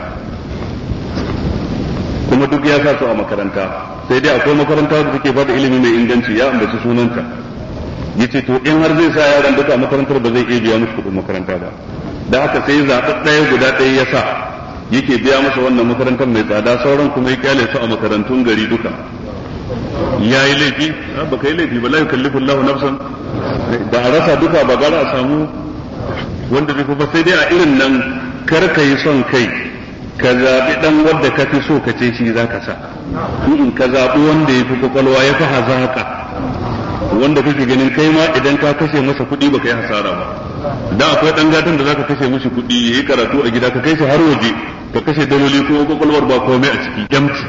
kuma duk ya sa su a makaranta sai dai akwai makaranta da take bada ilimi mai inganci ya ambaci sunanta yace to in har zai sa yaran duka a makarantar ba zai iya biya musu kuɗin makaranta ba da haka sai zaɓi ɗaya guda ɗaya ya sa yake biya masa wannan makarantar mai tsada sauran kuma ya kyale su a makarantun gari duka ya yi laifi ah, ba ka yi laifi ba la kallifin lahu nafsan da a rasa duka ba gara a samu wanda zai ba sai dai a irin nan kar ka yi son kai ka zaɓi ɗan wadda ka fi so ka ce shi za ka sa in ka zaɓi wanda ya fi kwakwalwa ya fi hazaka wanda kake ganin kai ma idan ka kashe masa kuɗi ba ka yi hasara ba da akwai ɗan gatan da ka kashe mishi kuɗi ya yi karatu a gida ka kai shi har waje ka kashe daloli ko kwakwalwar ba komai a ciki yamci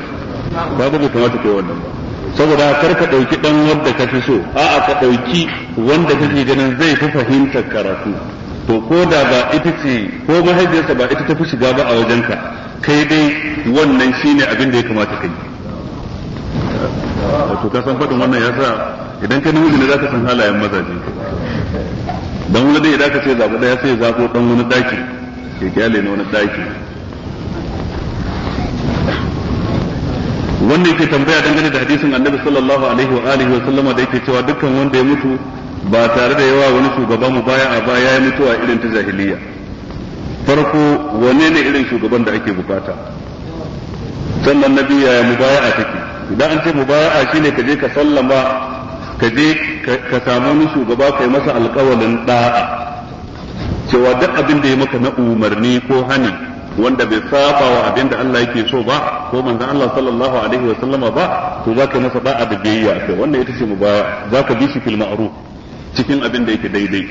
ba ba bai kamata kai wannan ba saboda kar ka ɗauki ɗan wadda ka fi so a'a ka ɗauki wanda kake ganin zai fi fahimtar karatu to ko da ba ita ce ko mahaifiyarsa ba ita ta fi shiga ba a wajenka kai dai wannan shine abin da ya kamata kai wato ka san faɗin wannan ya sa idan ka namiji ne za ka san halayen mazaje dan wani dai idan ka ce zaɓi ɗaya sai zaɓo ɗan wani ɗaki ke gyale na wani ɗaki wannan ke tambaya dangane da hadisin annabi sallallahu alaihi wa alihi wa sallama da yake cewa dukkan wanda ya mutu ba tare da yawa wani shugaba mu baya a baya ya mutuwa irin ta jahiliya farko wane ne irin shugaban da ake bukata sannan na biyu yaya mubaya'a take idan an ce mubaya'a shine ka je ka sallama ka je ka samu wani shugaba kai masa alkawalin da'a cewa duk abin da ya maka na umarni ko hani wanda bai saba wa abin da Allah yake so ba ko manzon Allah sallallahu alaihi wa sallama ba to zaka masa da'a da biyayya kai wannan ita ce mubaya'a zaka bi shi fil ma'ruf cikin abin da yake daidai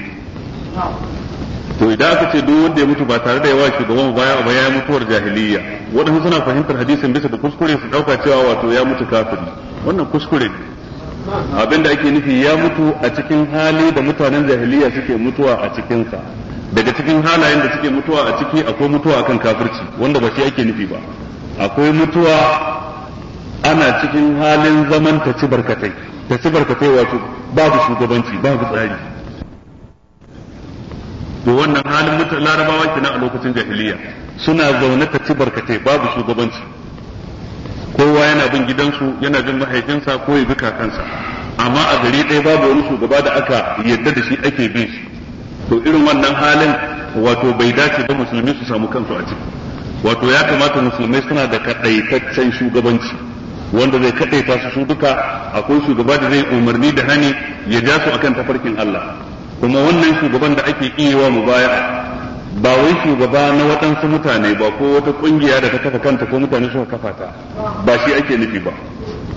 to idan aka ce duk wanda ya mutu ba tare da yawa shugaban baya ba ya mutuwar jahiliya waɗansu suna fahimtar hadisin bisa da kuskure su ɗauka cewa wato ya mutu kafiri wannan kuskure abin da ake nufi ya mutu a cikin hali da mutanen jahiliya suke mutuwa a sa daga cikin halayen da suke mutuwa a ciki akwai mutuwa akan kafirci wanda ba shi ake nufi ba akwai mutuwa ana cikin halin zaman ta ci barkatai da sifar ka sai wato babu shugabanci babu tsari to wannan halin mutan larabawa kenan a lokacin jahiliya suna zaune ka ci barkatai babu shugabanci kowa yana bin gidansu yana bin mahaifinsa ko ya bi kakansa amma a gari ɗaya babu wani shugaba da aka yadda da shi ake bin shi to irin wannan halin wato bai dace ba musulmi su samu kansu a ciki wato ya kamata musulmai suna da kaɗaitaccen shugabanci wanda zai kaɗe ta su duka akwai shugaba da zai umarni da hani ya ja su akan tafarkin Allah kuma wannan shugaban da ake iya wa baya ba wai shugaba na waɗansu mutane ba ko wata ƙungiya da ta kafa kanta ko mutane suka kafa ta ba shi ake nufi ba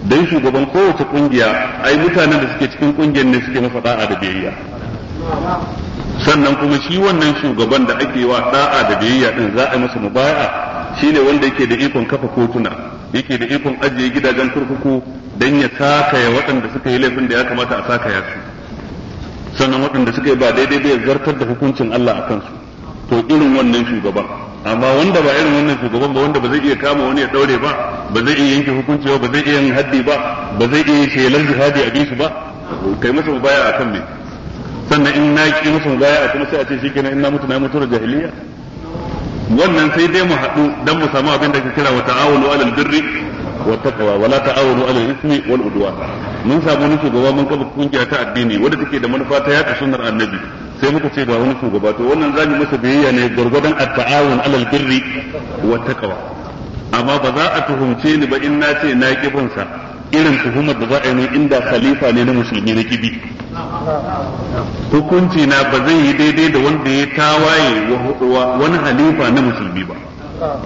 dan shugaban kowace ƙungiya ai mutanen da suke cikin ƙungiyar ne suke masa da'a da biyayya sannan kuma shi wannan shugaban da ake wa da'a da biyayya din za a yi masa mubaya'a shine wanda yake da ikon kafa kotuna yake da ikon ajiye gidajen kurkuku don ya sakaya waɗanda suka yi laifin da ya kamata a sakaya su sannan waɗanda suka yi ba daidai ya zartar da hukuncin Allah a kansu to irin wannan shugaban amma wanda ba irin wannan shugaban ba wanda ba zai iya kama wani ya daure ba ba zai iya yanke hukunci ba ba zai iya yin haddi ba ba zai iya shelar jihadi a bisu ba kai masa baya akan me sannan in na ki masa baya kuma sai a ce kenan in na mutu na mutu da jahiliya wannan sai dai mu haɗu dan mu samu abin da ke kira wa ta'awunu alal birri wa taqwa wala ta'awunu alal ismi wal udwan mun samu wani shugaba mun kafa kungiya ta addini wanda take da manufa ta yaɗa sunnar annabi sai muka ce ga wani shugaba to wannan zamu masa biyayya ne gurgurdan at-ta'awun alal birri wa taqwa amma ba za a tuhumce ni ba in na ce na kibinsa irin tuhumar da za a yi inda khalifa ne na musulmi na kibi hukunci na ba zai yi daidai da wanda ya tawaye wa wani halifa na musulmi ba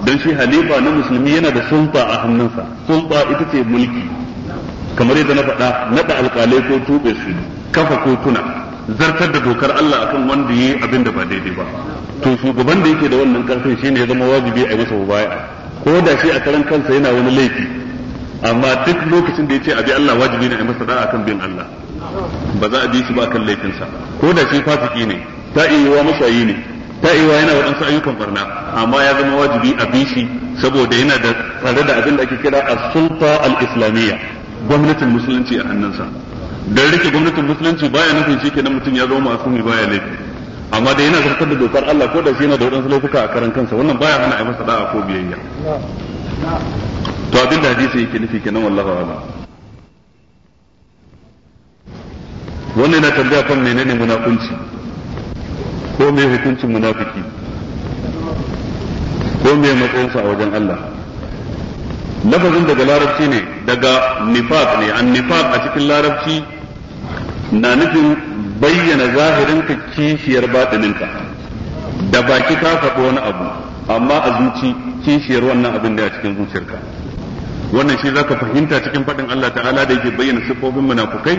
don shi halifa na musulmi yana da sunfa a hannunsa sunfa ita ce mulki kamar yadda na faɗa naɗa alƙalai ko tuɓe su kafa kotuna zartar da dokar Allah akan wanda yi abin da ba daidai ba to shugaban da yake da wannan karfin shine ya zama wajibi a masa mubaya ko da shi a karan kansa yana wani laifi amma duk lokacin da ya ce abi Allah wajibi ne a masa da'a akan bin Allah ba za a ji shi ba kan laifinsa ko da shi fasiki ne ta iya mashayi ne ta iya yana waɗansu ayyukan barna amma ya zama wajibi a bi shi saboda yana da tsare da abin da ake kira as-sulta al-islamiyya gwamnatin musulunci a hannunsa dan rike gwamnatin musulunci baya nufin shi kenan mutum ya zama masumi baya laifi amma da yana zartar da dokar Allah ko da shi yana da waɗansu laifuka a karan kansa wannan baya hana a masa da'a ko biyayya to abin da hadisi yake nufi kenan wallahi wa'ala wannan na tambaya kan menene munafunci ko me hukuncin munafiki ko me matsayinsa a wajen Allah lafazin daga larabci ne daga nifaq ne an nifaq a cikin larabci na nufin bayyana zahirinka kishiyar batininka da baki ka faɗo wani abu amma a zuci kishiyar wannan abin da a cikin zuciyarka wannan shi zaka fahimta cikin faɗin Allah ta'ala da yake bayyana sifofin munafukai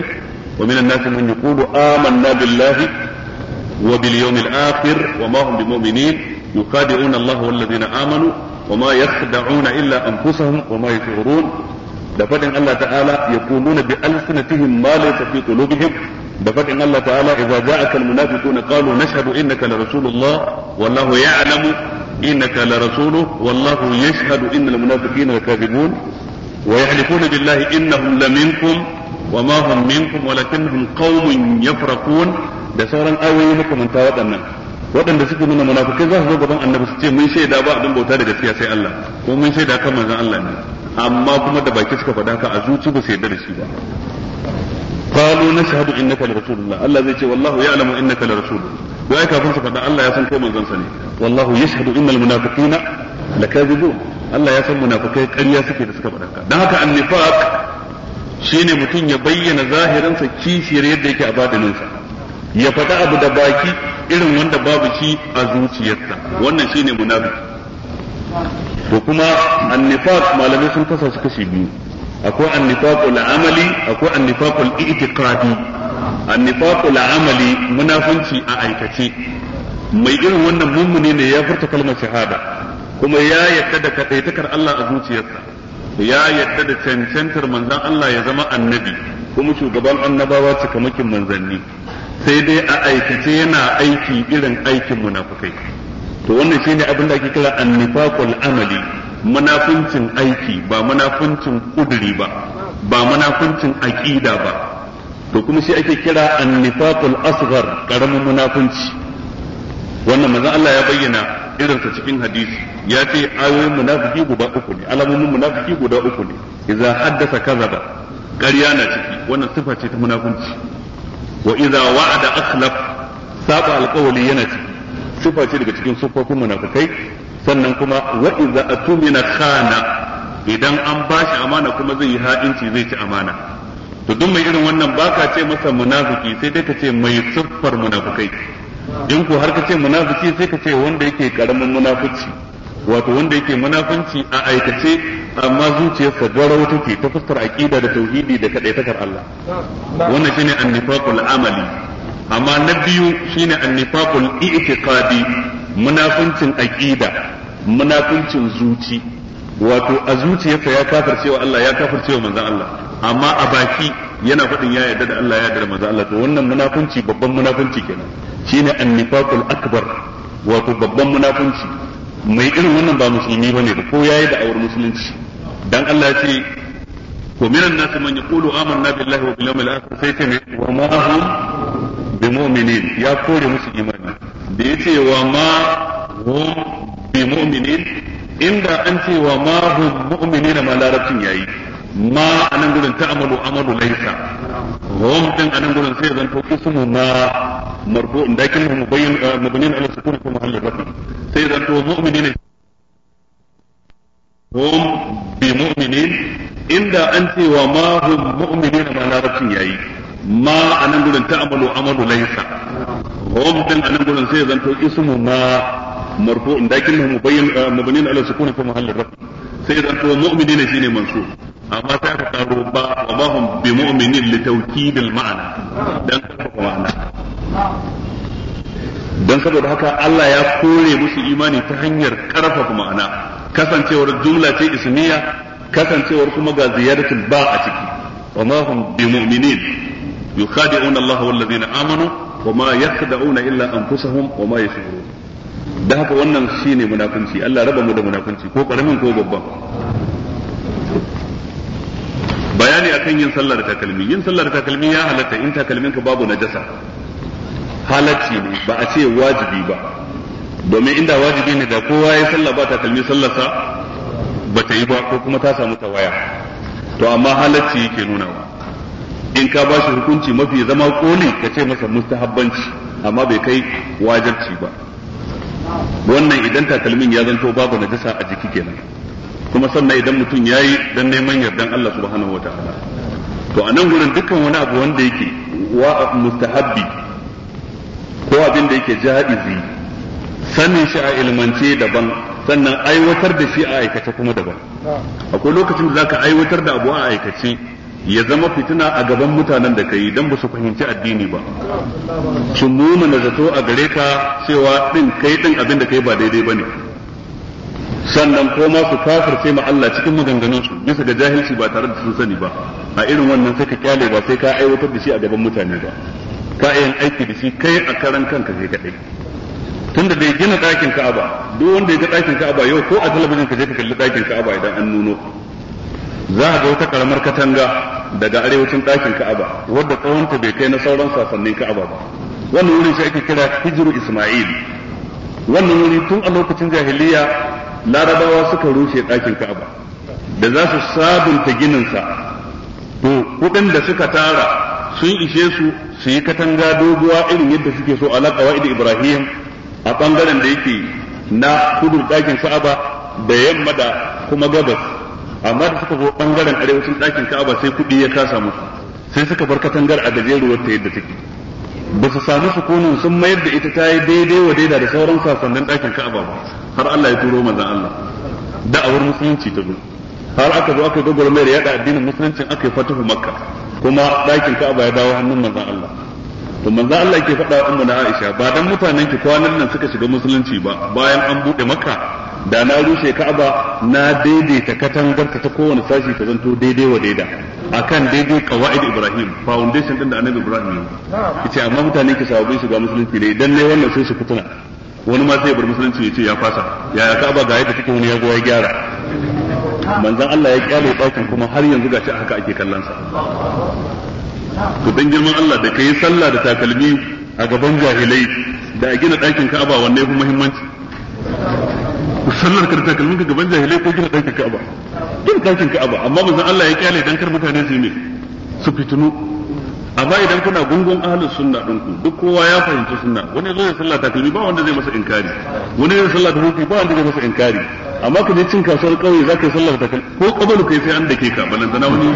ومن الناس من يقول آمنا بالله وباليوم الآخر وما هم بمؤمنين يخادعون الله والذين آمنوا وما يخدعون إلا أنفسهم وما يشعرون دفتن الله تعالى يقولون بألسنتهم ما ليس في قلوبهم دفتن الله تعالى إذا جاءك المنافقون قالوا نشهد إنك لرسول الله والله يعلم إنك لرسوله والله يشهد إن المنافقين لكاذبون ويحلفون بالله إنهم لمنكم wa ma hum minkum walakinnahum qaumun da sauran ayoyi makamanta waɗannan waɗanda suke nuna munafikai za su zo gaban annabi su ce mun shaida ba abin bauta da gaskiya sai Allah ko mun shaida kan manzon Allah ne amma kuma da baki suka faɗa ka a zuci ba su yarda da shi ba قالوا نشهد انك لرسول الله الله زي والله يعلم انك لرسول واي كافر فدا الله يا سن كومن زن سني والله يشهد ان المنافقين لكاذبون الله يا سن منافقين قريا suke da suka fada dan haka annifaq shine mutum ya bayyana zahirinsa kishiyar yadda yake a badaninsa ya faɗa abu da baki irin wanda babu shi a zuciyarsa wannan shine munafiki to kuma annifaq malamai sun kasa su kashi biyu akwai annifaqul amali akwai annifaqul i'tiqadi annifaqul amali munafunci a aikace mai irin wannan mummuni ne ya furta kalmar shahada kuma ya yarda da kadaitakar Allah a zuciyarsa ya yadda da cancantar manzan Allah ya zama annabi kuma shugaban annabawa cikamakin manzanni sai dai a aikace yana aiki irin aikin munafukai to wannan shine abin da ake kira annifaqul amali munafuncin aiki ba munafuncin kuduri ba ba munafuncin aqida ba to kuma shi ake kira annifaqul asghar karamin munafunci wannan manzan Allah ya bayyana irinsa cikin hadisi ya ce ayoyin munafiki guda uku ne alamomin munafiki guda uku ne idza haddasa kazaba ƙarya na ciki wannan sifa ce ta munafunci wa idza wa'ada akhlaf saba alƙawali yana ciki sifa ce daga cikin sufofin munafikai sannan kuma wa idza atumina khana idan an bashi amana kuma zai yi hadinci zai ci amana to duk mai irin wannan baka ce masa munafiki sai dai ka ce mai siffar munafikai in ko har ka ce munafiki sai ka ce wanda yake karamin munafici wato wanda yake munafunci a aikace amma zuciyarsa garau take ta fuskar aqida da tauhidi da kadaitakar Allah wannan shine annifaqul amali amma na biyu shine annifaqul i'tiqadi munafuncin aqida munafuncin zuci wato a zuciyarsa ya wa Allah ya wa manzon Allah amma a baki yana faɗin ya yarda da Allah ya yarda da manzon Allah to wannan munafunci babban munafunci kenan shine annifaqul akbar wato babban munafunci mai irin wannan ba musulmi bane ba ko yayi da awar musulunci dan Allah ya ce Ko minan nas man yaqulu amanna billahi wa bil yawmil akhir sai ce wa ma hum ya kore musu imani da yace wa ma hum bimu'minin inda an ce wa ma hum ma larabcin yayi ma a nan ta amalu amalu laisa din a nan sai zan to ma eh, ala sai zan to bi inda an ce wa ma hum ma larabcin yayi ma a nan ta amalu amalu laisa din a nan gurin sai zan to ma eh, ala sai zan to shine amma sai aka karo ba wa mahum bi mu'minin li tawkidil ma'ana dan karfafa ma'ana dan saboda haka Allah ya kore musu imani ta hanyar karfafa ma'ana kasancewar jumla ce ismiya kasancewar kuma ga ziyaratul ba a ciki wa mahum bi mu'minin yukhadi'una Allah wal ladina amanu wa ma yakhda'una illa anfusahum wa ma yashurun da haka wannan shine munafunci Allah raba mu da munafunci ko karamin ko babban bayani akan yin sallar takalmi yin sallar takalmi ya halatta in takalmin ka babu najasa halacci ne ba a ce wajibi ba domin inda wajibi ne da kowa ya sallah ba takalmi sallarsa ba ta yi ba ko kuma ta samu ta waya to amma halacci yake nuna wa in ka ba shi hukunci mafi zama koli ka ce masa mustahabbanci amma bai kai wajibci ba wannan idan takalmin ya zanto babu najasa a jiki kenan kuma sannan idan mutum ya yi don neman yardan Allah subhanahu wa ta'ala to a nan wurin dukkan wani abu wanda yake wa mustahabbi ko abin da yake ja'izi sanin shi a ilmance daban sannan aiwatar da shi a aikace kuma daban akwai lokacin da za ka aiwatar da abu a aikace ya zama fitina a gaban mutanen da ka yi don ba su fahimci addini ba su nuna zato a gare ka cewa din kai din abin da kai ba daidai ba ne sannan ko ma su sai ma Allah cikin maganganun su bisa ga jahilci ba tare da sun sani ba a irin wannan sai ka kyale ba sai ka aiwatar da shi a gaban mutane ba ka yin aiki da shi kai a karan kanka kai dai tunda bai gina ɗakin Ka'aba duk wanda ya ga ɗakin Ka'aba yau ko a talabijin ka je ka kalli ɗakin Ka'aba idan an nuno za a ga wata karamar katanga daga arewacin ɗakin Ka'aba wadda tsawonta bai kai na sauran sasannin Ka'aba ba wannan wurin shi ake kira Hijru Isma'il wannan wuri tun a lokacin jahiliya larabawa suka rushe ɗakin ka'aba da za su sabunta gininsa to kuɗin da suka tara sun ishe su su yi katanga doguwa irin yadda suke so a laƙawa qawaid ibrahim a ɓangaren da yake na Kudu ɗakin ka'aba da yamma da kuma gabas amma da suka zo ɓangaren arewacin ɗakin ka'aba sai kuɗi ya kasa musu sai suka bar katangar a gajeruwar ta yadda take ba su sami sukunin sun mayar da ita ta yi daidai wa daida da sauran sasannin ɗakin ka'aba ba har Allah ya turo manzon Allah da'awar musulunci ta zo har aka zo aka gogoro mai yaɗa addinin musuluncin aka yi fatuhu makka kuma ɗakin ka'aba ya dawo hannun manzon Allah to manzon Allah ke faɗa wa ummu na Aisha ba dan mutanen ki kwanan nan suka shiga musulunci ba bayan an buɗe makka da na rushe ka'aba na daidaita katangarta ta kowane sashi ta zanto daidai wa daida akan daidai qawaid ibrahim foundation din da annabi ibrahim yace amma mutane ke sababin shiga musulunci ne idan ne wannan sai su fituna wani ma sai bar musulunci ya ce ya fasa yaya ka'aba ga yadda take wani ya ya gyara manzon Allah ya kyale ɗaukan kuma har yanzu gashi haka ake kallon sa to dan girman Allah da ka yi sallah da takalmi a gaban jahilai da a gina ɗakin Ka'aba wanne ya fi muhimmanci sallar karta kalmin ka gaban jahilai ko gina ɗakin ka'aba gina ɗakin ka'aba amma manzon Allah ya kyale dan kar mutane su ne su fitinu amma idan kuna gungun ahlus sunna ku duk kowa ya fahimci sunna wani zai sallah takalmi ba wanda zai masa inkari wani zai sallah takalmi ba wanda zai masa inkari amma ka je cin kasuwar kauye za ka yi ta kalmi ko kabalu kai sai an dake ka na wani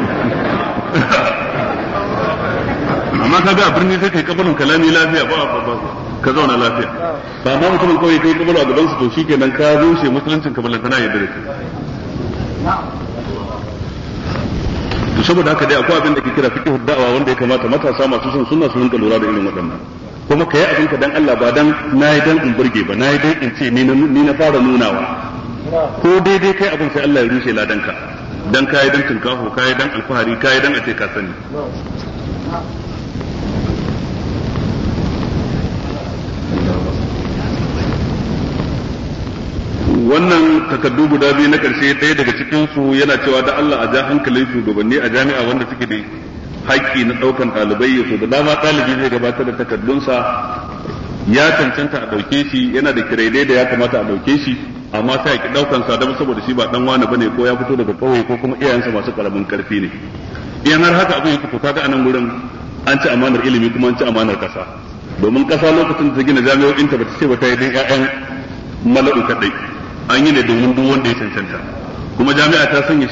amma kaga a birni sai kai kabalin kalami lafiya ba ba ba ka zauna lafiya ba ma mutumin kawai kai kuma a gaban su to kenan ka rushe musuluncin ka lantana ya dare to saboda haka dai akwai abin da ke kira fiqh da'awa wanda ya kamata matasa masu son sunna su rinka lura da irin waɗannan kuma kai abin ka dan Allah ba dan nayi dan in burge ba nayi dan in ce ni na ni na fara nunawa ko daidai kai abin sai Allah ya rushe ladanka dan kai dan tinkaho kai dan alfahari kai dan a ce ka sani wannan takaddu guda biyu na ƙarshe ɗaya daga cikin su yana cewa da Allah a ja hankalin shugabanni a jami'a wanda suke da haƙƙi na ɗaukan ɗalibai ya da dama ɗalibi zai gabatar da takaddunsa ya cancanta a ɗauke shi yana da kiraidai da ya kamata a ɗauke shi amma sai ki ɗaukan sa don saboda shi ba ɗan wani bane ko ya fito daga ƙauye ko kuma iyayensa masu ƙaramin ƙarfi ne in har haka abin yake to kaga anan wurin an ci amanar ilimi kuma an ci amanar ƙasa domin ƙasa lokacin da ta gina jami'o'inta ba ta ce ba ta yi ɗin 'ya'yan mala'u kaɗai an yi ne domin duk wanda ya cancanta kuma jami'a ta sanya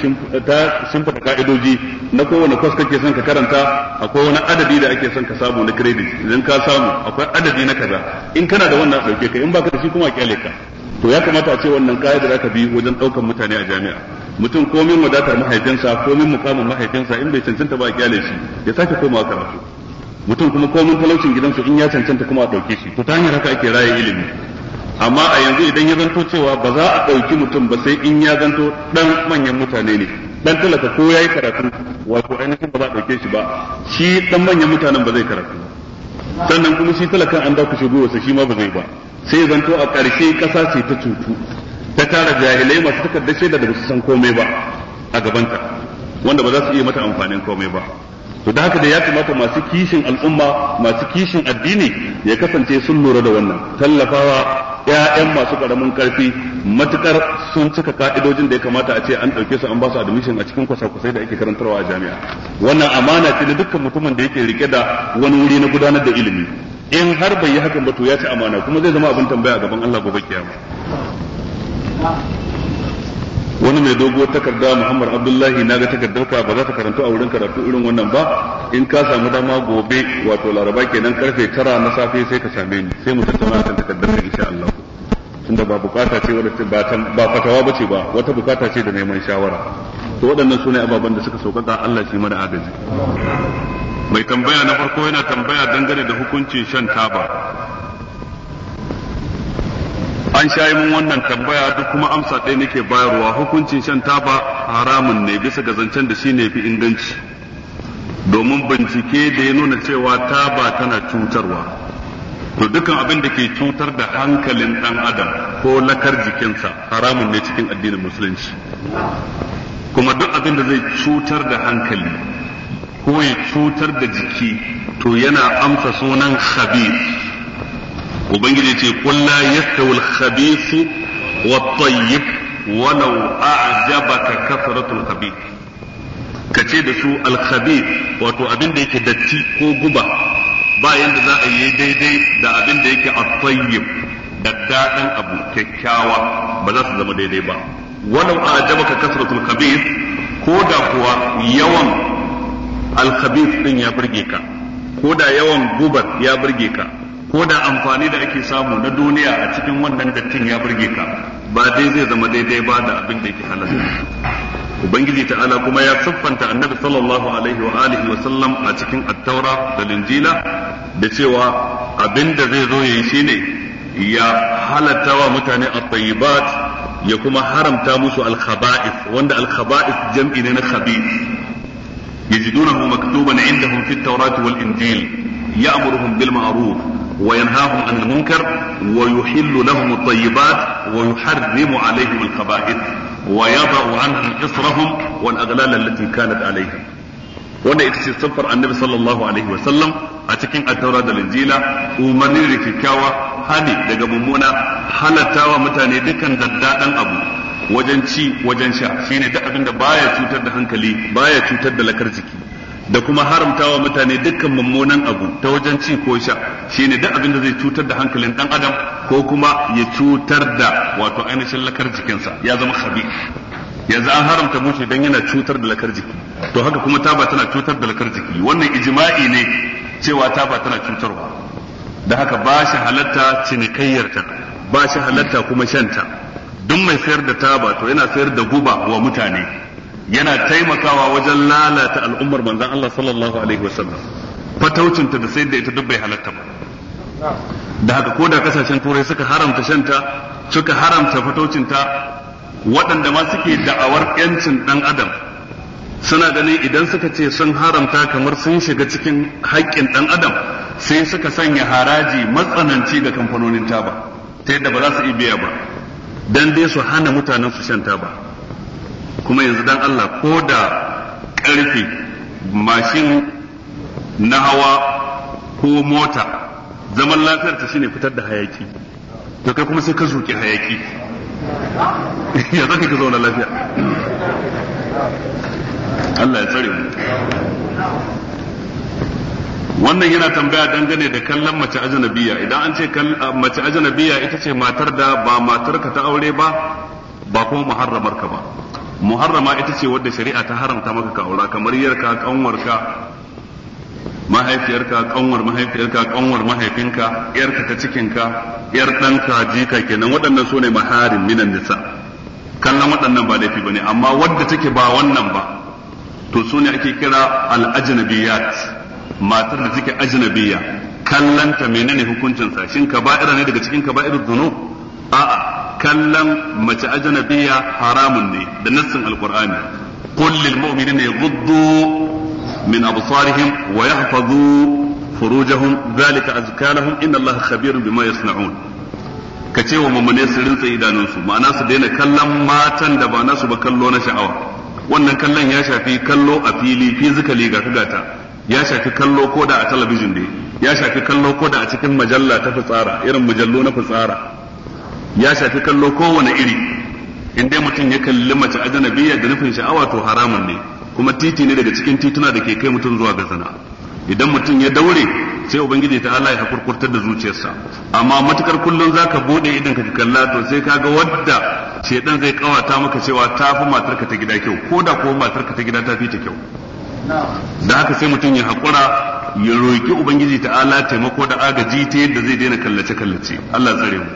ta shimfata ka'idoji na kowane kwas kake son ka karanta akwai wani adadi da ake son ka samu na credit idan ka samu akwai adadi na kaza in kana da wannan dauke ka in baka da shi kuma kyale ka to ya kamata a ce wannan ka'ida zaka bi wajen daukan mutane a jami'a mutum komin wadatar mahaifinsa komin mukamin mahaifinsa in bai cancanta ba a kyale shi ya sake komawa karatu mutum kuma komin talaucin gidansu in ya cancanta kuma a dauke shi to ta hanyar haka ake raye ilimi amma a yanzu idan ya zanto cewa ba za a ɗauki mutum ba sai in ya zanto ɗan manyan mutane ne ɗan talaka ko ya yi karatu wato ainihin ba za a ɗauke shi ba shi ɗan manyan mutanen ba zai karatu sannan kuma shi talakan an dakushe shigo sa shi ma ba zai ba sai zanto a ƙarshe ƙasa ce ta cutu ta tara jahilai masu takardar shaida da ba su san komai ba a gabanta wanda ba za su iya mata amfanin komai ba to da haka da ya kamata masu kishin al'umma masu kishin addini ya kasance sun lura da wannan tallafawa ƴaƴan masu karamin karfi matukar sun cika ka'idojin da ya kamata a ce an ɗauke su an ba su admission a cikin kwasa-kwasai da ake karantarwa a jami'a wannan amana ce na dukkan mutumin da yake rike da wani wuri na gudanar da ilimi in har bai yi hakan ba to ya ci amana kuma zai zama abin tambaya a gaban Allah gobe kiyama wani mai doguwar takarda Muhammad Abdullahi na ga takardar ka ba za ta karantu a wurin karatu irin wannan ba in ka samu dama gobe wato laraba kenan karfe tara na safe sai ka same ni sai mu tattauna kan takardar ka insha Allah tunda ba bukata ce wadda ba ba fatawa bace ba wata bukata ce da neman shawara to waɗannan sune ababen da suka sauƙaƙa Allah shi mana agaji mai tambaya na farko yana tambaya dangane da hukuncin shan taba an sha mun wannan tambaya duk kuma amsa ɗaya nake bayarwa hukuncin shan taba haramun ne bisa ga zancen da shi ne fi inganci domin bincike da ya nuna cewa taba tana cutarwa to dukkan abin da ke cutar da hankalin ɗan adam ko lakar jikinsa haramun ne cikin addinin musulunci kuma duk abin da zai cutar da hankali ko ya cutar da jiki to yana amsa sunan khabir ubangiji ce qul la yastawi al-khabith wa at-tayyib law a'jabaka kathratu al-khabith kace da su al-khabith wato abin da yake datti ko guba ba yanda za a yi daidai da abin da yake at-tayyib dadan abu kyakkyawa ba za su zama daidai ba walau a'jabaka al khabith ko da kuwa yawan al-khabith din ya burge ka ko da yawan gubar ya burge ka ko da amfani da ake samu na duniya a cikin wannan dattin ya burge ka ba dai zai zama daidai ba da abin da yake halasta ubangiji ta'ala kuma ya siffanta annabi sallallahu alaihi wa alihi wa sallam a cikin at da linjila da cewa abin da zai zo yayi shine ya halatta wa mutane at-tayyibat ya kuma haramta musu al-khaba'ith wanda al-khaba'ith jam'i ne na khabith yajidunahu maktuban indahum fi taurati wal-injil ya'muruhum bil ma'ruf وينهاهم عن المنكر ويحل لهم الطيبات ويحرم عليهم الخبائث ويضع عنهم إصرهم والأغلال التي كانت عليهم wanda ita ce siffar annabi sallallahu alaihi wa sallam a cikin attaura da linjila umarni da kyakkyawa hani daga mummuna halattawa mutane dukan daddaɗan abu wajen ci wajen sha shine duk abin da baya cutar da hankali baya cutar da lakar jiki da kuma haramtawa mutane dukkan mummunan abu ta wajen ci ko sha shine duk abin da zai cutar da hankalin dan adam ko kuma ya cutar da wato ainihin lakar jikinsa ya zama khabi yanzu an haramta mushe dan yana cutar da lakar jiki to haka kuma taba tana cutar da lakar jiki wannan ijima'i ne cewa taba tana cutarwa da haka ba shi halatta cinikayyarta ba shi halatta kuma shanta duk mai sayar da taba to yana sayar da guba wa mutane yana taimakawa wajen lalata al'ummar manzon Allah sallallahu alaihi wasallam fataucinta da sai da ita duk bai halatta ba da haka ko da kasashen turai suka haramta shanta suka haramta fataucinta waɗanda ma suke da'awar yancin ɗan adam suna ganin idan suka ce sun haramta kamar sun shiga cikin haƙƙin ɗan adam sai suka sanya haraji matsananci ga kamfanonin taba ta yadda ba za su iya biya ba dan dai su hana mutanen su shan taba kuma yanzu dan Allah ko da ƙarfe mashin na hawa ko mota zaman lafiyar ta shine fitar da hayaki to kai kuma sai ka zuki hayaki ya zaka ka zauna lafiya Allah ya tsare mu wannan yana tambaya dangane da kallon mace ajnabiya idan an ce mace ajnabiya ita ce matar da ba matarka ta aure ba ba kuma muharramar ka ba muharrama ita ce wadda shari'a ta haramta maka ka aura kamar yarka kanwarka mahaifiyarka kanwar mahaifiyarka kanwar mahaifinka yarka ta cikinka yar ɗanka jika kenan waɗannan su ne maharin minan nisa kallon waɗannan ba laifi bane amma wadda take ba wannan ba to su ne ake kira al-ajnabiyat matar da take ajnabiya kallanta menene hukuncin sa shin ba'ira ne daga cikin ba'ir dhunub a'a kallon mace ajnabiya haramun ne da nassin alkur'ani qul lil mu'minina yaghuddu min absarihim wa yahfazu furujahum zalika azka lahum inna allaha khabirun bima yasna'un kace wa mamane su rinsa idanunsu ma'ana su daina kallon matan da ba nasu ba kallo na sha'awa wannan kallon ya shafi kallo a fili fizikali ga gata. ya shafi kallo ko da a talabijin ne ya shafi kallo ko da a cikin majalla ta fitsara irin mujallu na fitsara ya shafi kallo kowane iri in dai mutum ya kalli mace ajnabiya da nufin sha'awa to haramun ne kuma titi ne daga cikin tituna da ke kai mutum zuwa ga zina idan mutum ya daure sai ubangiji ta Allah ya hakurkurtar da zuciyarsa amma matukar kullun zaka bude idan ka kalla to sai kaga wadda shedan zai kawata maka cewa ta fi matarka ta gida kyau ko da ko matarka ta gida ta fi ta kyau da haka sai mutum ya hakura ya roki ubangiji ta Allah taimako da agaji ta yadda zai daina kallace kallace Allah tsare mu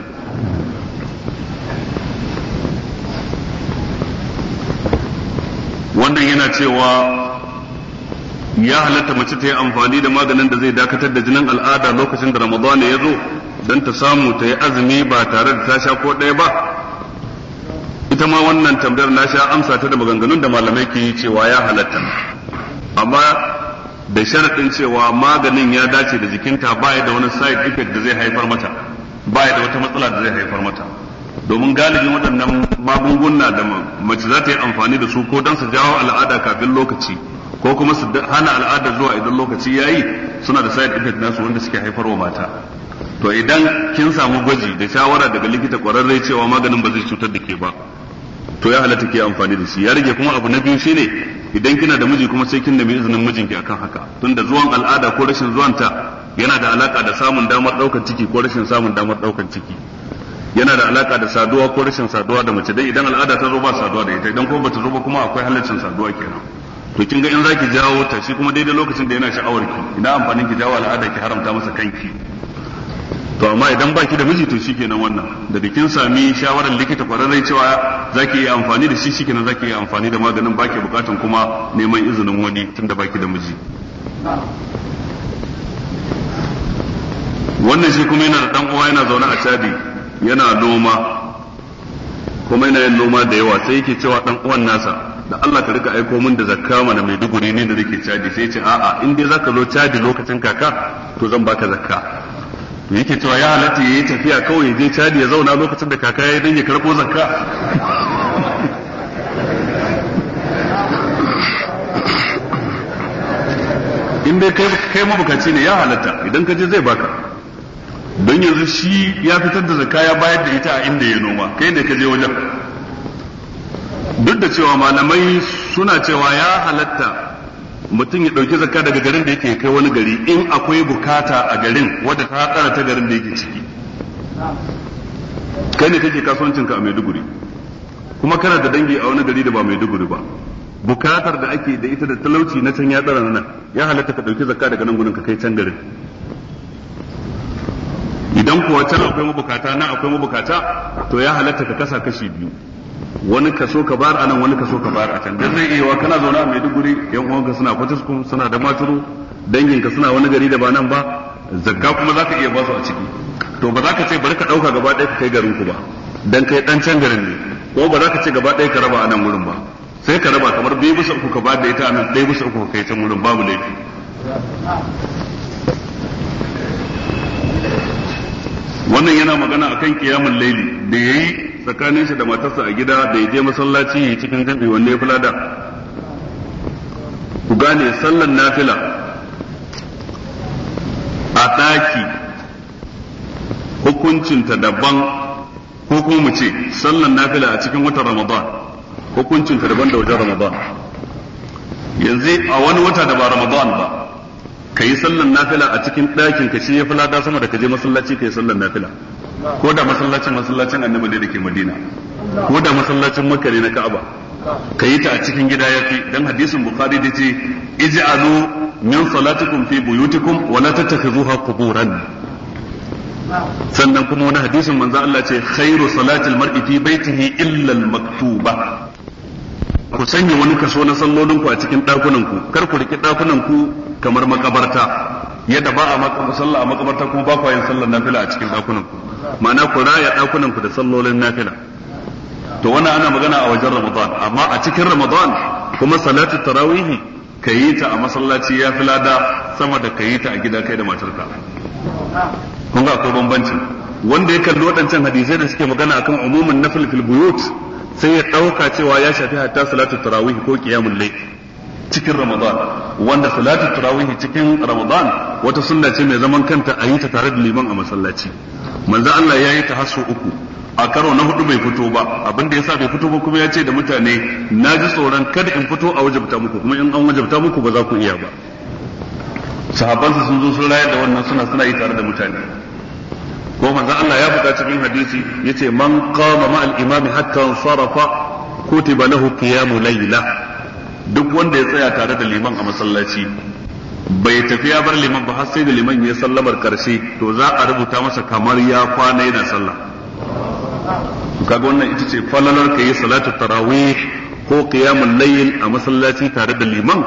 wannan yana cewa ya halatta mace ta yi amfani da maganin da zai dakatar da jinin al'ada lokacin da ramadana ya zo don ta samu ta yi azumi ba tare da ta ko ɗaya ba ita ma wannan tambayar na sha amsa ta da maganganun da malamai ke yi cewa ya halatta amma da sharaɗin cewa maganin ya dace da jikinta ba da wani side effect da zai haifar mata ba da wata matsala da zai haifar mata domin galibin waɗannan magunguna da mace za ta yi amfani da su ko don su jawo al'ada kafin lokaci ko kuma su hana al'ada zuwa idan lokaci ya yi suna da side effect nasu wanda suke haifarwa mata to idan kin samu gwaji da shawara daga likita kwararre cewa maganin ba zai cutar da ke ba to ya halatta ke amfani da shi ya rage kuma abu na biyu shine idan kina da miji kuma sai kin nemi izinin mijinki akan haka tunda zuwan al'ada ko rashin zuwanta yana da alaka da samun damar daukar ciki ko rashin samun damar daukar ciki yana da alaka da saduwa ko rashin saduwa da mace dai idan al'ada ta zo ba saduwa da ita idan kuma bata zo ba kuma akwai halaccin saduwa kenan to kin ga in zaki jawo ta shi kuma daidai lokacin da yana sha'awar ki idan amfanin ki jawo al'ada ki haramta masa kanki to amma idan baki da miji to kenan wannan daga kin sami shawarar likita kwararre cewa zaki yi amfani da shi kenan zaki yi amfani da maganin baki bukatan kuma neman izinin wani tunda baki da miji wannan shi kuma yana da dan uwa yana zaune a Chadi yana noma kuma yana yin noma da yawa sai yake cewa dan uwan nasa da Allah ka rika aiko min da zakka mana mai duguri ne da nake caji sai ce a'a in dai zaka zo caji lokacin kaka to zan baka zakka to yake cewa ya halatta yayi tafiya kawai ya je caji ya zauna lokacin da kaka yayi dan ya karbo zakka in dai kai kai mabukaci ne ya halatta idan ka je zai baka don yanzu shi ya fitar da zakka ya bayar da ita a inda ya noma kai ne ka je wajen duk da cewa malamai suna cewa ya halatta mutum ya ɗauki zakka daga garin da yake kai wani gari in akwai bukata a garin wadda ta tsara ta garin da yake ciki kai ne kake kasuwancinka a maiduguri kuma kana da dangi a wani gari da ba maiduguri ba bukatar da ake da ita da talauci na can ya tsara nan ya halatta ka ɗauki zakka daga nan gudun ka kai can garin idan kuwa can akwai mabukata nan akwai mabukata to ya halatta ka kasa kashi biyu wani kaso ka bar a nan wani kaso ka bar a can dan zai iya kana zaune a Maiduguri yan uwanka suna Fatiskum suna da Maturu danginka suna wani gari da ba nan ba zakka kuma zaka iya su a ciki to ba za ka ce bari ka dauka gaba ɗaya ka kai garin ku ba dan kai dan can garin ne ko ba za ka ce gaba ɗaya ka raba a nan wurin ba sai ka raba kamar biyu bisa uku ka ba da ita a nan ɗaya bisa uku ka kai can wurin babu laifi wannan yana magana akan kiyamun laili da yayi tsakanin shi da matarsa a gida da je masallaci yi cikin jabi wanda ya fi da. ku gane sallan nafila a ɗaki hukuncinta daban ko kuma mu ce sallan nafila a cikin watan ramadan hukuncinta daban da wajen ramadan yanzu a wani wata da ba ramadan ba ka yi sallan nafila a cikin ɗakin ka shi ya fi lada sama da ka je masallaci ka yi sallan nafila ko da masallacin masallacin annabi ne da ke madina ko da masallacin makare na ka'aba ka yi ta a cikin gida ya fi don hadisin bukari da ce ij'alu min salatikum fi buyutikum wa la tattakhizuha quburan sannan kuma wani hadisin manzo Allah ce khairu salatil mar'i fi baitihi illa al-maktuba ku sanya wani kaso na sallolin ku a cikin dakunan kar ku riki dakunan ku kamar makabarta yadda ba a sallah a makabarta kuma ba ku yin sallar nafila a cikin dakunan ku ma'ana ku raya dakunan da sallolin nafila to wannan ana magana a wajen ramadan amma a cikin ramadan kuma salatu tarawih ka yi ta a masallaci ya fi lada sama da ka ta a gida kai da matarka kun ga akwai bambancin wanda ya kalli waɗancan hadisai da suke magana akan umumin nafil fil buyut sai ya ɗauka cewa ya shafi hatta salatu tarawih ko qiyamul layl cikin ramadan wanda salatu tarawih cikin ramadan wata sunna ce mai zaman kanta a yi ta tare da liman a masallaci manzo Allah ya yi ta hasu uku a karo na hudu bai fito ba abin da yasa bai fito ba kuma ya ce da mutane na ji tsoron kada in fito a wajabta muku kuma in an wajabta muku ba za ku iya ba sahabansa sun zo sun rayar da wannan suna suna yi tare da mutane ko manzon Allah ya faɗa cikin hadisi yace man qama ma al-imami hatta sarafa kutiba lahu qiyamu layla duk wanda ya tsaya tare da liman a masallaci bai tafi ya bar liman ba har sai da liman ya sallamar karshe to za a rubuta masa kamar ya kwana yana sallah kaga wannan ita ce falalar ka yi salatu tarawih ko qiyamul layl a masallaci tare da liman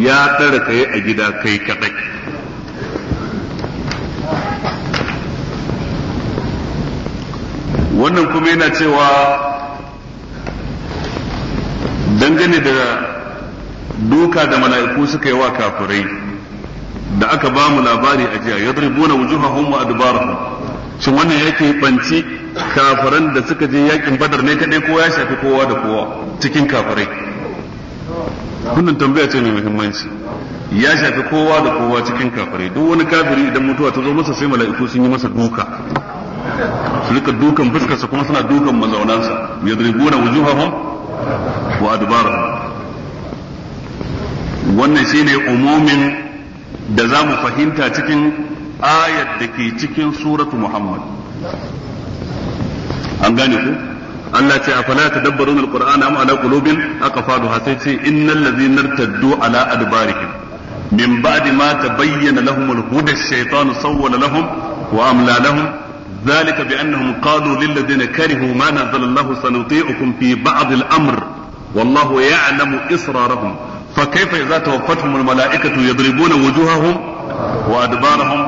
ya tsara kai a gida kai kadai wannan kuma yana cewa dangane da duka da mala'iku suka yi wa kafirai da aka ba mu labari a jiya ya ribuna wujuhahum a adbarahum shin wannan yake banci kafiran da suka je yakin badar ne kadai kowa ya shafi kowa da kowa cikin kafirai wannan tambaya ce mai muhimmanci ya shafi kowa da kowa cikin kafirai duk wani kafiri idan mutuwa ta zo masa sai mala'iku sun yi masa duka su rika dukan fuskarsa kuma suna dukan mazaunansa yadribuna wujuhahum wa adbarahum wannan shine umumin da za mu fahimta cikin ayat da ke cikin suratu muhammad an gane ku Allah ce a afala tadabbaruna alqur'ana amma ala qulubin aqfaluha sai ce innal ladzina irtaddu ala adbarihim min ba'di ma tabayyana lahum alhuda ash-shaytanu sawwala lahum wa amla lahum ذلك بأنهم قالوا للذين كرهوا ما نزل الله سنطيعكم في بعض الأمر والله يعلم إصرارهم فكيف إذا توفتهم الملائكة يضربون وجوههم وأدبارهم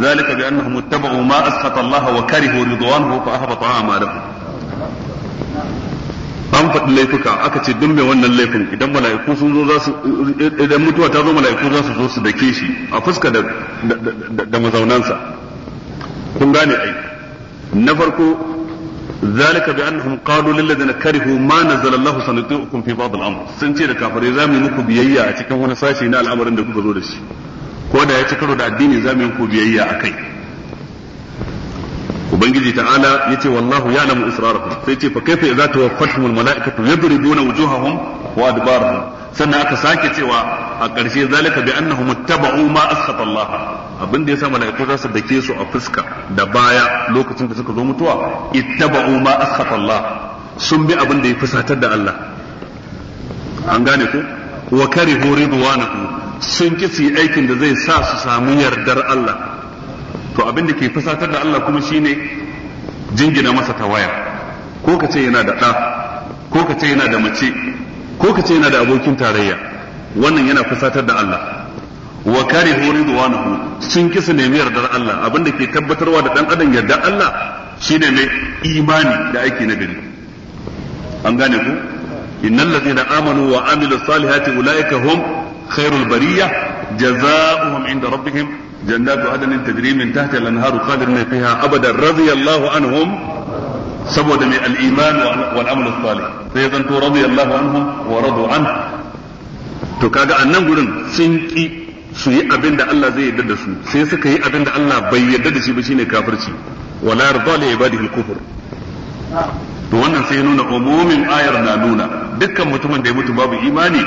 ذلك بأنهم اتبعوا ما أسخط الله وكرهوا رضوانه فأهبط أعمالهم an faɗi laifuka aka ce dun mai wannan laifin idan mala'iku sun zo za su idan mutuwa ta zo mala'iku za su zo su dake shi a fuska da mazaunansa kun gane ai na farko zalika bi annahum qalu lil ladina karihu ma nazala Allah sanatukum fi ba'd al-amr sun ce da kafari za mu muku biyayya a cikin wani sashi na al'amarin da kuka zo da shi ko da ya ci karo da addini za mu muku biyayya akai ubangiji ta'ala yace wallahu ya'lamu israrahum sai ce fa kaifa idza tawaffatuhum al-mala'ikatu yadribuna wujuhahum wa adbarahum sannan aka sake cewa a ƙarshe zalika bi annahum ittaba'u ma askhata Allah abin da ya samu mala'iku za su dake su a fuska da baya lokacin da suka zo mutuwa ittaba'u ma askhata Allah sun bi abin da ya fusatar da Allah an gane ku wa karihu ridwanahu sun ki su aikin da zai sa su samu yardar Allah to abin da ke fusatar da Allah kuma shine jingina masa tawaya ko ka ce yana da ɗa ko ka ce yana da mace ko ka ce yana da abokin tarayya wannan yana fusatar da Allah wa karihu ridwanahu sun kisa su nemi yardar Allah abinda ke tabbatarwa da dan adam yardar Allah shine mai imani da aiki na gari an gane ku innal ladzina amanu wa amilus salihati ulaika hum khairul bariyah jazaohum inda rabbihim jannatu adnin tajri min tahtiha al-anharu khalidina fiha abada radiyallahu anhum saboda mai al-iman wal amal salih sai zanto radiyallahu anhum wa radu an to kaga annan gurin sun ki su yi abin da Allah zai yarda da su sai suka yi abin da Allah bai yarda da shi ba shine kafirci wala yarda li ibadihi al to wannan sai nuna umumin ayar na nuna dukkan mutumin da ya mutu babu imani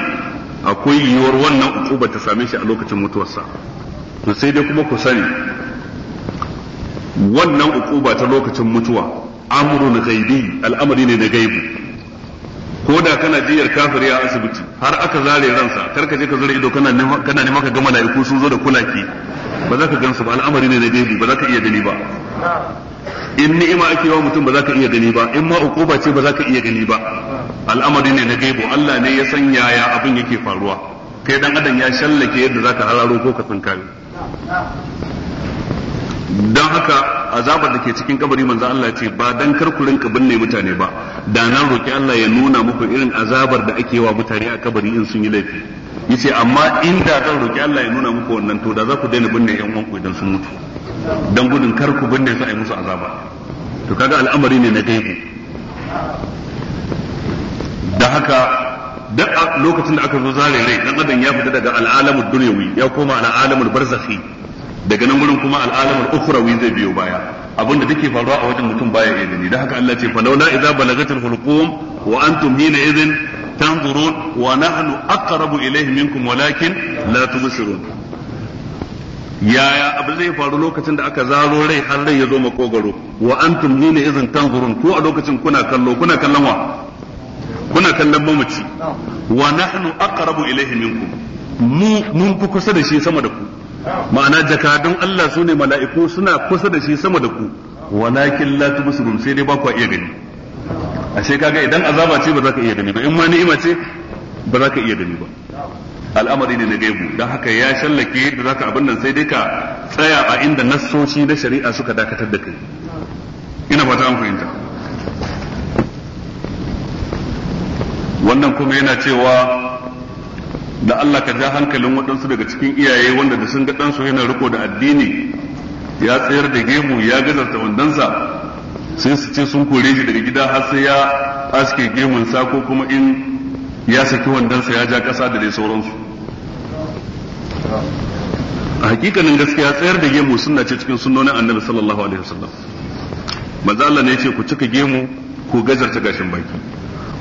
akwai yiwuwar wannan ukuba ta same shi a lokacin mutuwarsa to sai dai kuma ku sani wannan ukuba ta lokacin mutuwa amrun ghaibi al'amari ne na gaibu ko da kana jiyar kafiri a asibiti har aka zare ransa karka je ka zare ido kana kana neman ka ga malaiku sun zo da kulaki ba za ka gansu ba al'amari ne na gaibi ba za ka iya gani ba in ni'ima ake wa mutum ba za ka iya gani ba in ma ukuba ce ba za ka iya gani ba al'amari ne na gaibo Allah ne ya san yaya abin yake faruwa kai dan adam ya shallake yadda za ka hararo ko ka tsinkare don haka azabar da ke cikin kabari manzo Allah ce ba dan kar ku rinka binne mutane ba da nan roki Allah ya nuna muku irin azabar da ake wa mutane a kabari in sun yi laifi yace amma inda zan roki Allah ya nuna muku wannan to da za ku daina binne yan uwanku idan sun mutu dan gudun kar ku binne su a yi musu azaba to kaga al'amari ne na gaibu da haka duk lokacin da aka zo zare rai dan adam ya fita daga al'alamin dunyawi ya koma al'alamin barzakhi daga nan gurin kuma al'alamul ukhrawi zai biyo baya abinda take faruwa a wajen mutum baya iya gani da haka Allah ce falawla idza balagatil hulqum wa antum hina idhin tanzurun wa nahnu aqrabu ilayhi minkum walakin la tubsirun yaya abu zai faru lokacin da aka zaro rai har rai ya zo makogaro wa antum hina idhin tanzurun ko a lokacin kuna kallo kuna kallon wa kuna kallon mamaci wa nahnu aqrabu ilayhi minkum mu mun fi kusa da shi sama da ku ma'ana jakadun Allah sune mala'iku suna kusa da shi sama da ku walakin la tubsirun sai dai ba iya gani ashe kaga idan azaba ce ba za ka iya gani ba in ma ni'ima ce ba za ka iya gani ba al'amari ne na gaibu don haka ya shallake da zaka abin nan sai dai ka tsaya a inda nassoci na shari'a suka dakatar da kai ina fata an fahimta wannan kuma yana cewa da Allah ka ja hankalin waɗansu daga cikin iyaye wanda da sun ga ɗansu yana riko da addini ya tsayar da gemu ya gazarta wandansa sai su ce sun kore shi daga gida har sai ya aske gemunsa ko kuma in ya saki wandansa ya ja ƙasa da dai sauransu a hakikanin gaskiya tsayar da gemu suna ce cikin sunnonin annabi sallallahu alaihi wasallam manzo Allah ne ya ce ku cika gemu ku gazarta gashin baki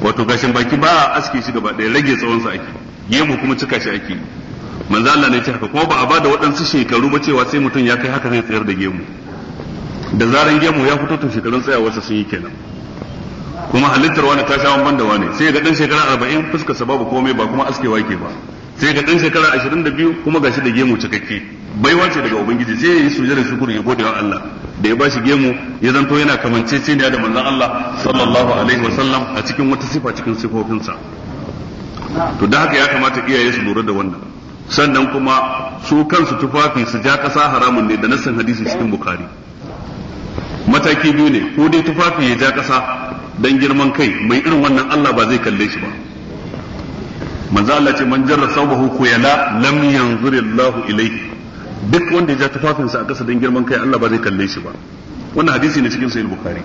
wato gashin baki ba a aske shi gaba ɗaya rage tsawonsa ake gemu kuma cika shi ake manzo Allah ne ya ce haka kuma ba a bada waɗansu shekaru ba cewa sai mutum ya kai haka zai tsayar da gemu da zaran gemu ya fito to shekarun sa sun yi kenan kuma halittar wani ta shawon banda wani sai ga dan shekara arba'in fuska sa babu komai ba kuma askewa yake ba sai ga dan shekara ashirin da kuma gashi da gemu cikakke baiwa ce daga ubangiji sai ya yi sujjar shukuri ya gode wa Allah da ya bashi gemu ya zanto yana kamanceceniya da manzon Allah sallallahu alaihi wasallam a cikin wata sifa cikin sifofinsa to da haka ya kamata iyaye su lura da wannan sannan kuma su kansu tufafi su ja kasa haramun ne da nassan hadisi cikin bukari mataki biyu ne ko dai tufafi ya ja kasa dan girman kai mai irin wannan Allah ba zai kalle shi ba manzo Allah ce man jarra sawbahu kuyala lam yanzurillahu ilayhi duk wanda ya ja tufafinsa a kasa dan girman kai Allah ba zai kalle shi ba wannan hadisi ne cikin sahih bukhari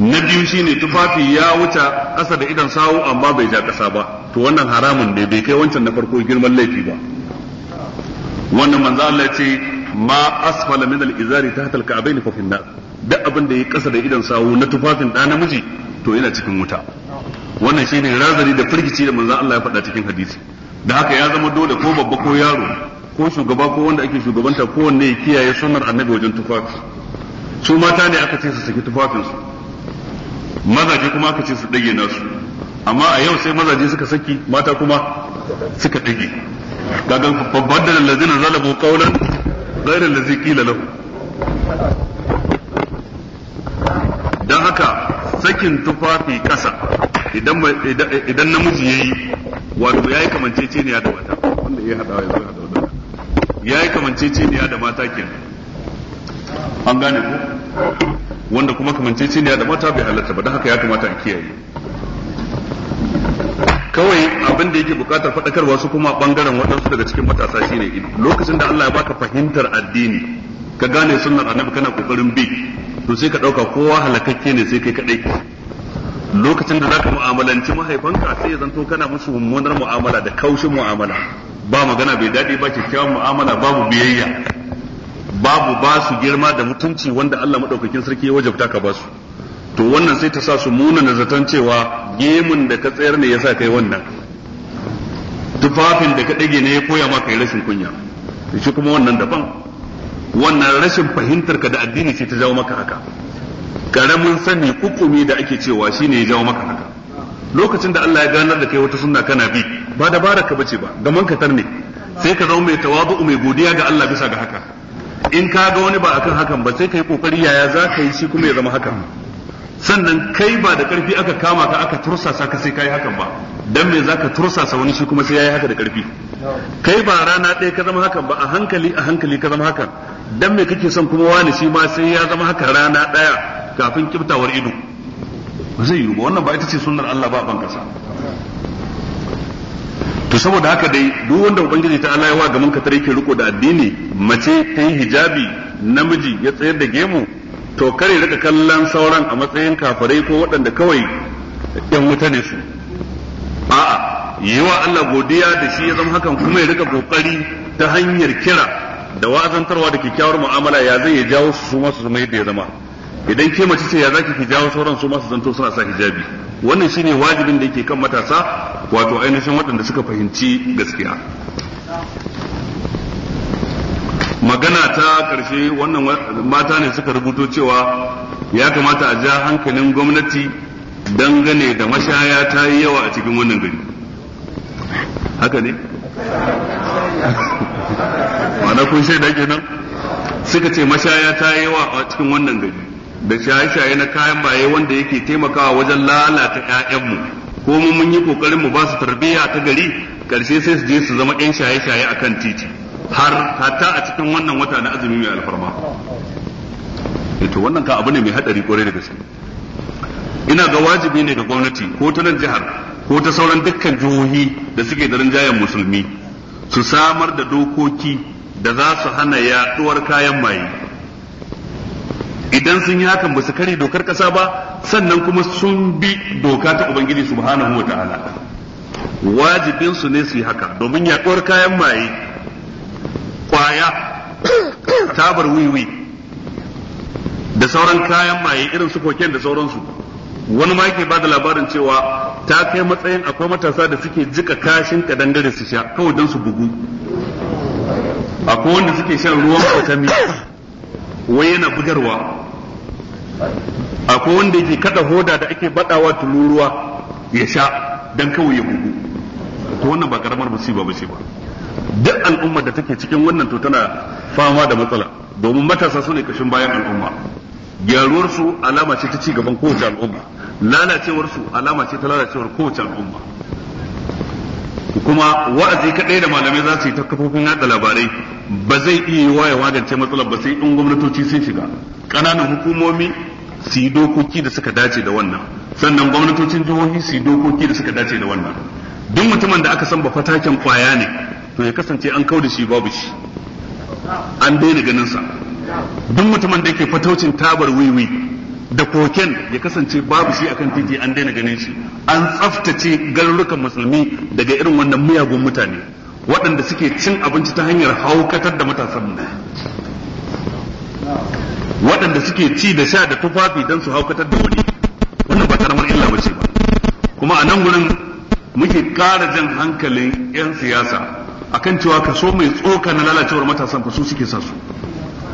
na biyu shine tufafi ya wuce ƙasa da idan sawu amma bai ja ƙasa ba to wannan haramun ne bai kai wancan na farko girman laifi ba wannan manzo Allah ce ma asfala min al-izari tahta al-ka'bayn fa fin nar duk abin da yake ƙasa da idan sawu na tufafin da namiji to yana cikin wuta wannan shine razari da firgici da manzo Allah ya faɗa cikin hadisi da haka ya zama dole ko babba ko yaro ko shugaba ko wanda ake shugabanta kowanne ya kiyaye sunnar annabi wajen tufafi su mata ne aka ce su saki tufafinsu mazaje kuma aka ce su dage nasu amma a yau sai mazaje suka saki mata kuma suka dage kaga da allazina zalabu qawlan ghayra allazi qila lahu dan haka sakin tufafi kasa idan idan namiji yayi wato yayi kamanceceniya da mata wanda ya hada ya hada yayi kamanceceniya da mata kenan an gane ku wanda kuma ya dama ta bai halatta ba don haka ya kamata a kiyaye kawai abin da yake bukatar faɗakarwa su kuma bangaren waɗansu daga cikin matasa shine lokacin da Allah ya baka fahimtar addini ka gane sunnar annabi kana kokarin bi to sai ka ɗauka kowa halakakke ne sai kai kaɗai lokacin da zaka mu'amalanci mahaifanka sai ya zanto kana musu mummunar mu'amala da kaushin mu'amala ba magana bai daɗi ba kyakkyawan mu'amala babu biyayya babu ba su girma da mutunci wanda Allah madaukakin sarki ya wajabta ka ba su to wannan sai ta sa su munana zaton cewa gemun da ka tsayar ne yasa kai wannan tufafin da ka dage ne ya koya maka yi rashin kunya shi kuma wannan daban wannan rashin fahimtar ka da addini ce ta jawo maka haka karamin sani kukumi da ake cewa shine ya jawo maka haka lokacin da Allah ya ganar da kai wata sunna kana bi ba dabara ka bace ba gaman ka tarne sai ka zama mai tawazu mai godiya ga Allah bisa ga haka in ka ga wani ba akan hakan ba sai kai kokari yaya za ka yi shi kuma ya zama hakan sannan kai ba da karfi aka kama ka aka tursasa ka sai ka yi hakan ba dan me ka tursasa wani shi kuma sai ya yi haka da karfi kai ba rana ɗaya ka zama hakan ba a hankali a hankali ka zama hakan dan me kake son kuma wani shi ma sai ya zama haka rana ɗaya kafin kiftawar ido ba zai yiwu ba wannan ba ita ce sunnar Allah ba ban kasa to saboda haka dai duk wanda ubangiji ta Allah ya wa gaban katare yake riko da addini mace ta yi hijabi namiji ya tsayar da gemu to kare rika kallon sauran a matsayin kafirai ko waɗanda kawai yan wuta ne su a'a yi wa Allah godiya da shi ya zama hakan kuma ya rika kokari ta hanyar kira da wa'azantarwa da kyakkyawar mu'amala ya zai ya jawo su su su zama yadda ya zama idan ke mace ce ya zaki ki jawo sauran su masu zanto suna sa hijabi wannan shine wajibin da yake kan matasa wato ainihin waɗanda suka fahimci gaskiya magana ta ƙarshe wannan mata ne suka rubuto cewa ya kamata a ja hankalin gwamnati dangane da mashaya ta yi yawa a cikin wannan gari haka ne ma'ana kun shaida kenan suka ce mashaya ta yi yawa a cikin wannan gari da shaye-shaye na kayan maye wanda yake taimakawa wajen lalata ƴaƴanmu ko mun yi kokarin mu ba su tarbiyya ta gari karshe sai su je su zama ƴan shaye-shaye akan titi har hatta a cikin wannan wata na azumi mai alfarma eh to wannan ka abu ne mai hadari kwarai da gaske ina ga wajibi ne ga gwamnati ko ta nan jihar ko ta sauran dukkan jihohi da suke da rinjayen musulmi su samar da dokoki da za su hana yaduwar kayan maye idan sun yi hakan ba su kare dokar kasa ba sannan kuma sun bi doka ta ubangiji subhanahu wataala wajibin su ne su yi haka domin yaduwar kayan maye kwaya tabar wiwi da sauran kayan maye irin su koken da sauransu wani ma ke ba da labarin cewa ta kai matsayin akwai matasa da suke jika kashin kadangare su sha kawai don su bugu akwai wanda suke shan ruwan kwatami wai yana bugarwa akwai wanda yake kada hoda da ake badawa tuluruwa ya sha dan kawai ya bugu to wannan ba karamar musiba ba ce ba duk al'umma da take cikin wannan to tana fama da matsala domin matasa su ne kashin bayan al'umma gyaruwar su alama ce ta ci gaban kowace al'umma lalacewar su alama ce ta lalacewar kowace al'umma kuma wa'azi kadai da malamai za su yi ta kafofin yada labarai ba zai iya yi wa ya magance matsalar ba sai in gwamnatoci sun shiga Kananan hukumomi su yi dokoki da suka dace da wannan sannan gwamnatocin jihohi su yi dokoki da suka dace da wannan duk mutumin da aka san ba fataken kwaya ne to ya kasance an kau da shi babu shi an daina ganin sa duk mutumin da yake fataucin tabar wiwi da koken ya kasance babu shi akan titi an daina ganin shi an tsaftace garurukan musulmi daga irin wannan miyagun mutane waɗanda suke cin abinci ta hanyar haukatar da matasan mu waɗanda suke ci da sha da tufafi don su haukatar da wani wannan ba karamar illa ba ce ba kuma a nan gurin muke ƙara jan hankalin 'yan siyasa akan cewa kaso mai tsoka na lalacewar matasan fa su suke sa su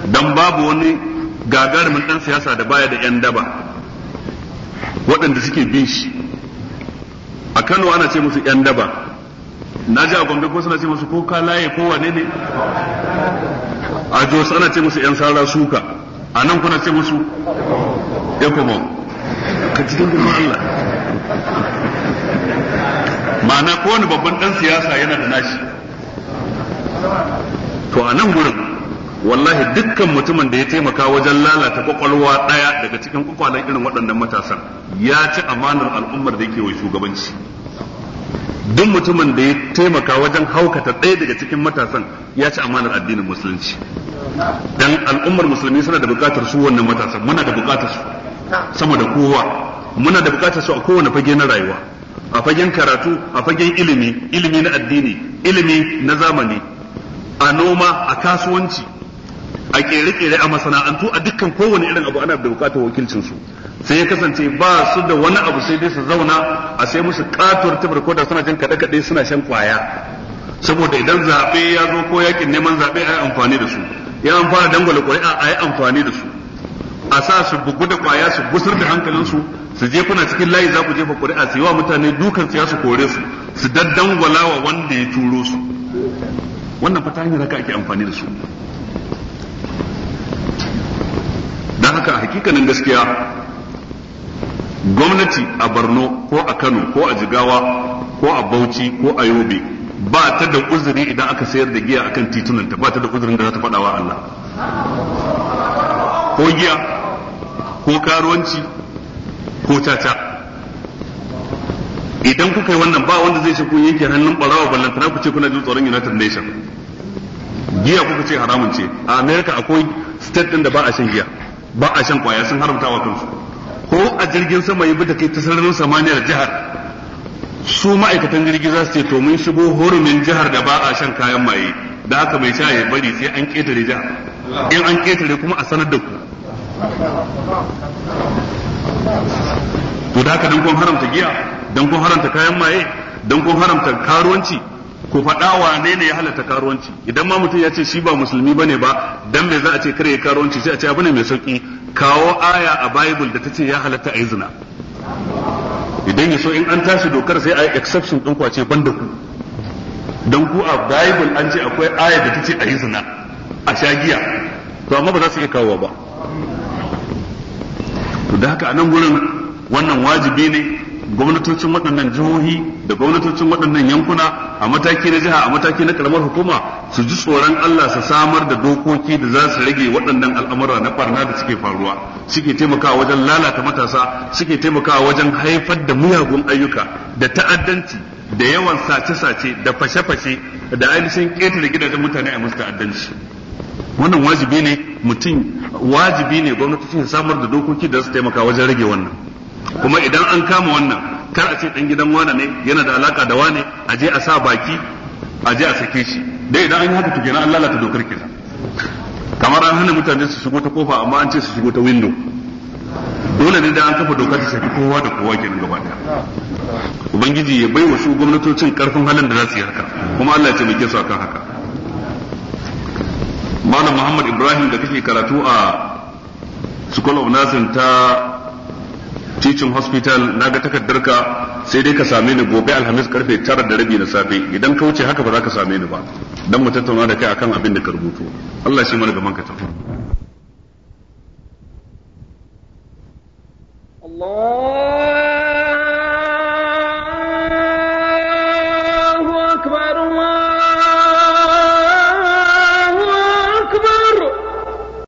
don babu wani gagarumin ɗan siyasa da baya da 'yan daba waɗanda suke bin shi a kano ana ce musu 'yan daba na ji a gombe ko suna ce musu ko kalaye ko wane ne a jos ana ce musu 'yan sara suka a nan kuna ce musu ekomon ka cikin gudun Allah ma'ana kowane babban ɗan siyasa yana da nashi to a nan gurin wallahi dukkan mutumin da ya taimaka wajen lalata kwakwalwa ɗaya daga cikin kwakwalen irin waɗannan matasan ya ci amanar al'ummar da yake wa shugabanci duk mutumin da ya taimaka wajen haukata ɗaya daga cikin matasan ya ci amanar addinin musulunci dan al'ummar musulmi suna da buƙatar su wannan matasan muna da buƙatar su sama da kowa muna da buƙatar su a kowane fage na rayuwa a fagen karatu a fagen ilimi ilimi na addini ilimi na zamani a noma a kasuwanci a kere-kere a masana'antu a dukkan kowane irin abu ana da buƙatar wakilcin su sai ya kasance ba su da wani abu sai dai su zauna a sai musu katuwar tabar da suna jin kaɗe kaɗe suna shan kwaya saboda idan zaɓe ya zo ko yakin neman zaɓe a yi amfani da su ya an fara kuri'a a yi amfani da su a sa su bugu da kwaya su gusar da hankalinsu su je kuna cikin layi za ku jefa ƙuri'a su yi wa mutane dukan su su kore su su daddangwala wa wanda ya turo su wannan fata hanyar haka ake amfani da su don haka hakikanin gaskiya gwamnati a Borno ko a Kano ko a Jigawa ko a Bauchi ko a Yobe ba ta da uzuri idan aka sayar da giya akan titunanta ba ta da uzurin da za ta faɗawa Allah ko giya ko karuwanci ko caca idan kuka yi wannan ba wanda zai ce kun yanke hannun barawa ballantana ku ce kuna jin tsoron United Nation giya kuka ce haramun ce a America akwai state din da ba a shan giya ba a shan kwaya sun haramta wa kansu a jirgin sama ya bi da kai ta sararin samaniyar jihar su ma'aikatan jirgi za su ce to mun shigo hurumin jihar da ba a shan kayan maye da haka mai sha ya bari sai an ketare jihar in an ketare kuma a sanar da ku to da haka dan kun haramta giya dan kun haramta kayan maye dan kun haramta karuwanci ku faɗa ne ne ya halatta karuwanci idan ma mutum ya ce shi ba musulmi bane ba dan me za a ce kare karuwanci sai a ce abu ne mai sauki kawo aya a bible da ta ce ya halatta a yi zina idan ya so in an tashi dokar sai a yi exception ɗin kwace ban da ku don ku a bible an ce akwai aya da ta ce a zina a shagiya to amma ba za su iya kawo ba to da haka a nan gurin wannan wajibi ne gwamnatocin waɗannan jihohi da gwamnatocin waɗannan yankuna a mataki na jiha a mataki na karamar hukuma su ji tsoron Allah su samar da dokoki da za su rage waɗannan al'amura na barna da suke faruwa suke taimakawa wajen lalata matasa suke taimakawa wajen haifar da muyagun ayyuka da ta'addanci da yawan sace-sace da fashe-fashe da ainihin ƙetare gidajen mutane a musu ta'addanci wannan wajibi ne mutum wajibi ne gwamnati ta samar da dokoki da za su taimaka wajen rage wannan kuma idan an kama wannan kar a ce dan gidan wane ne yana da alaka da wane a je a sa baki a je a sake shi dai idan an yi haka to kenan an lalata dokar kenan kamar an hana mutane su shigo ta kofa amma an ce su shigo ta window dole ne da an kafa doka ta shafi kowa da kowa kenan gaba daya ubangiji ya bai wa su gwamnatocin karfin halin da za su yi haka kuma Allah ya taimake su akan haka malam Muhammad Ibrahim da kake karatu a School of Nursing ta teaching hospital na ga takardarka sai dai ka same ni gobe alhamis karfe tara da rabi na safe idan ka wuce haka ba za ka same ni ba dan mu tattauna da kai akan abin da ka rubuto Allah shi mana gaban ka tafi Allah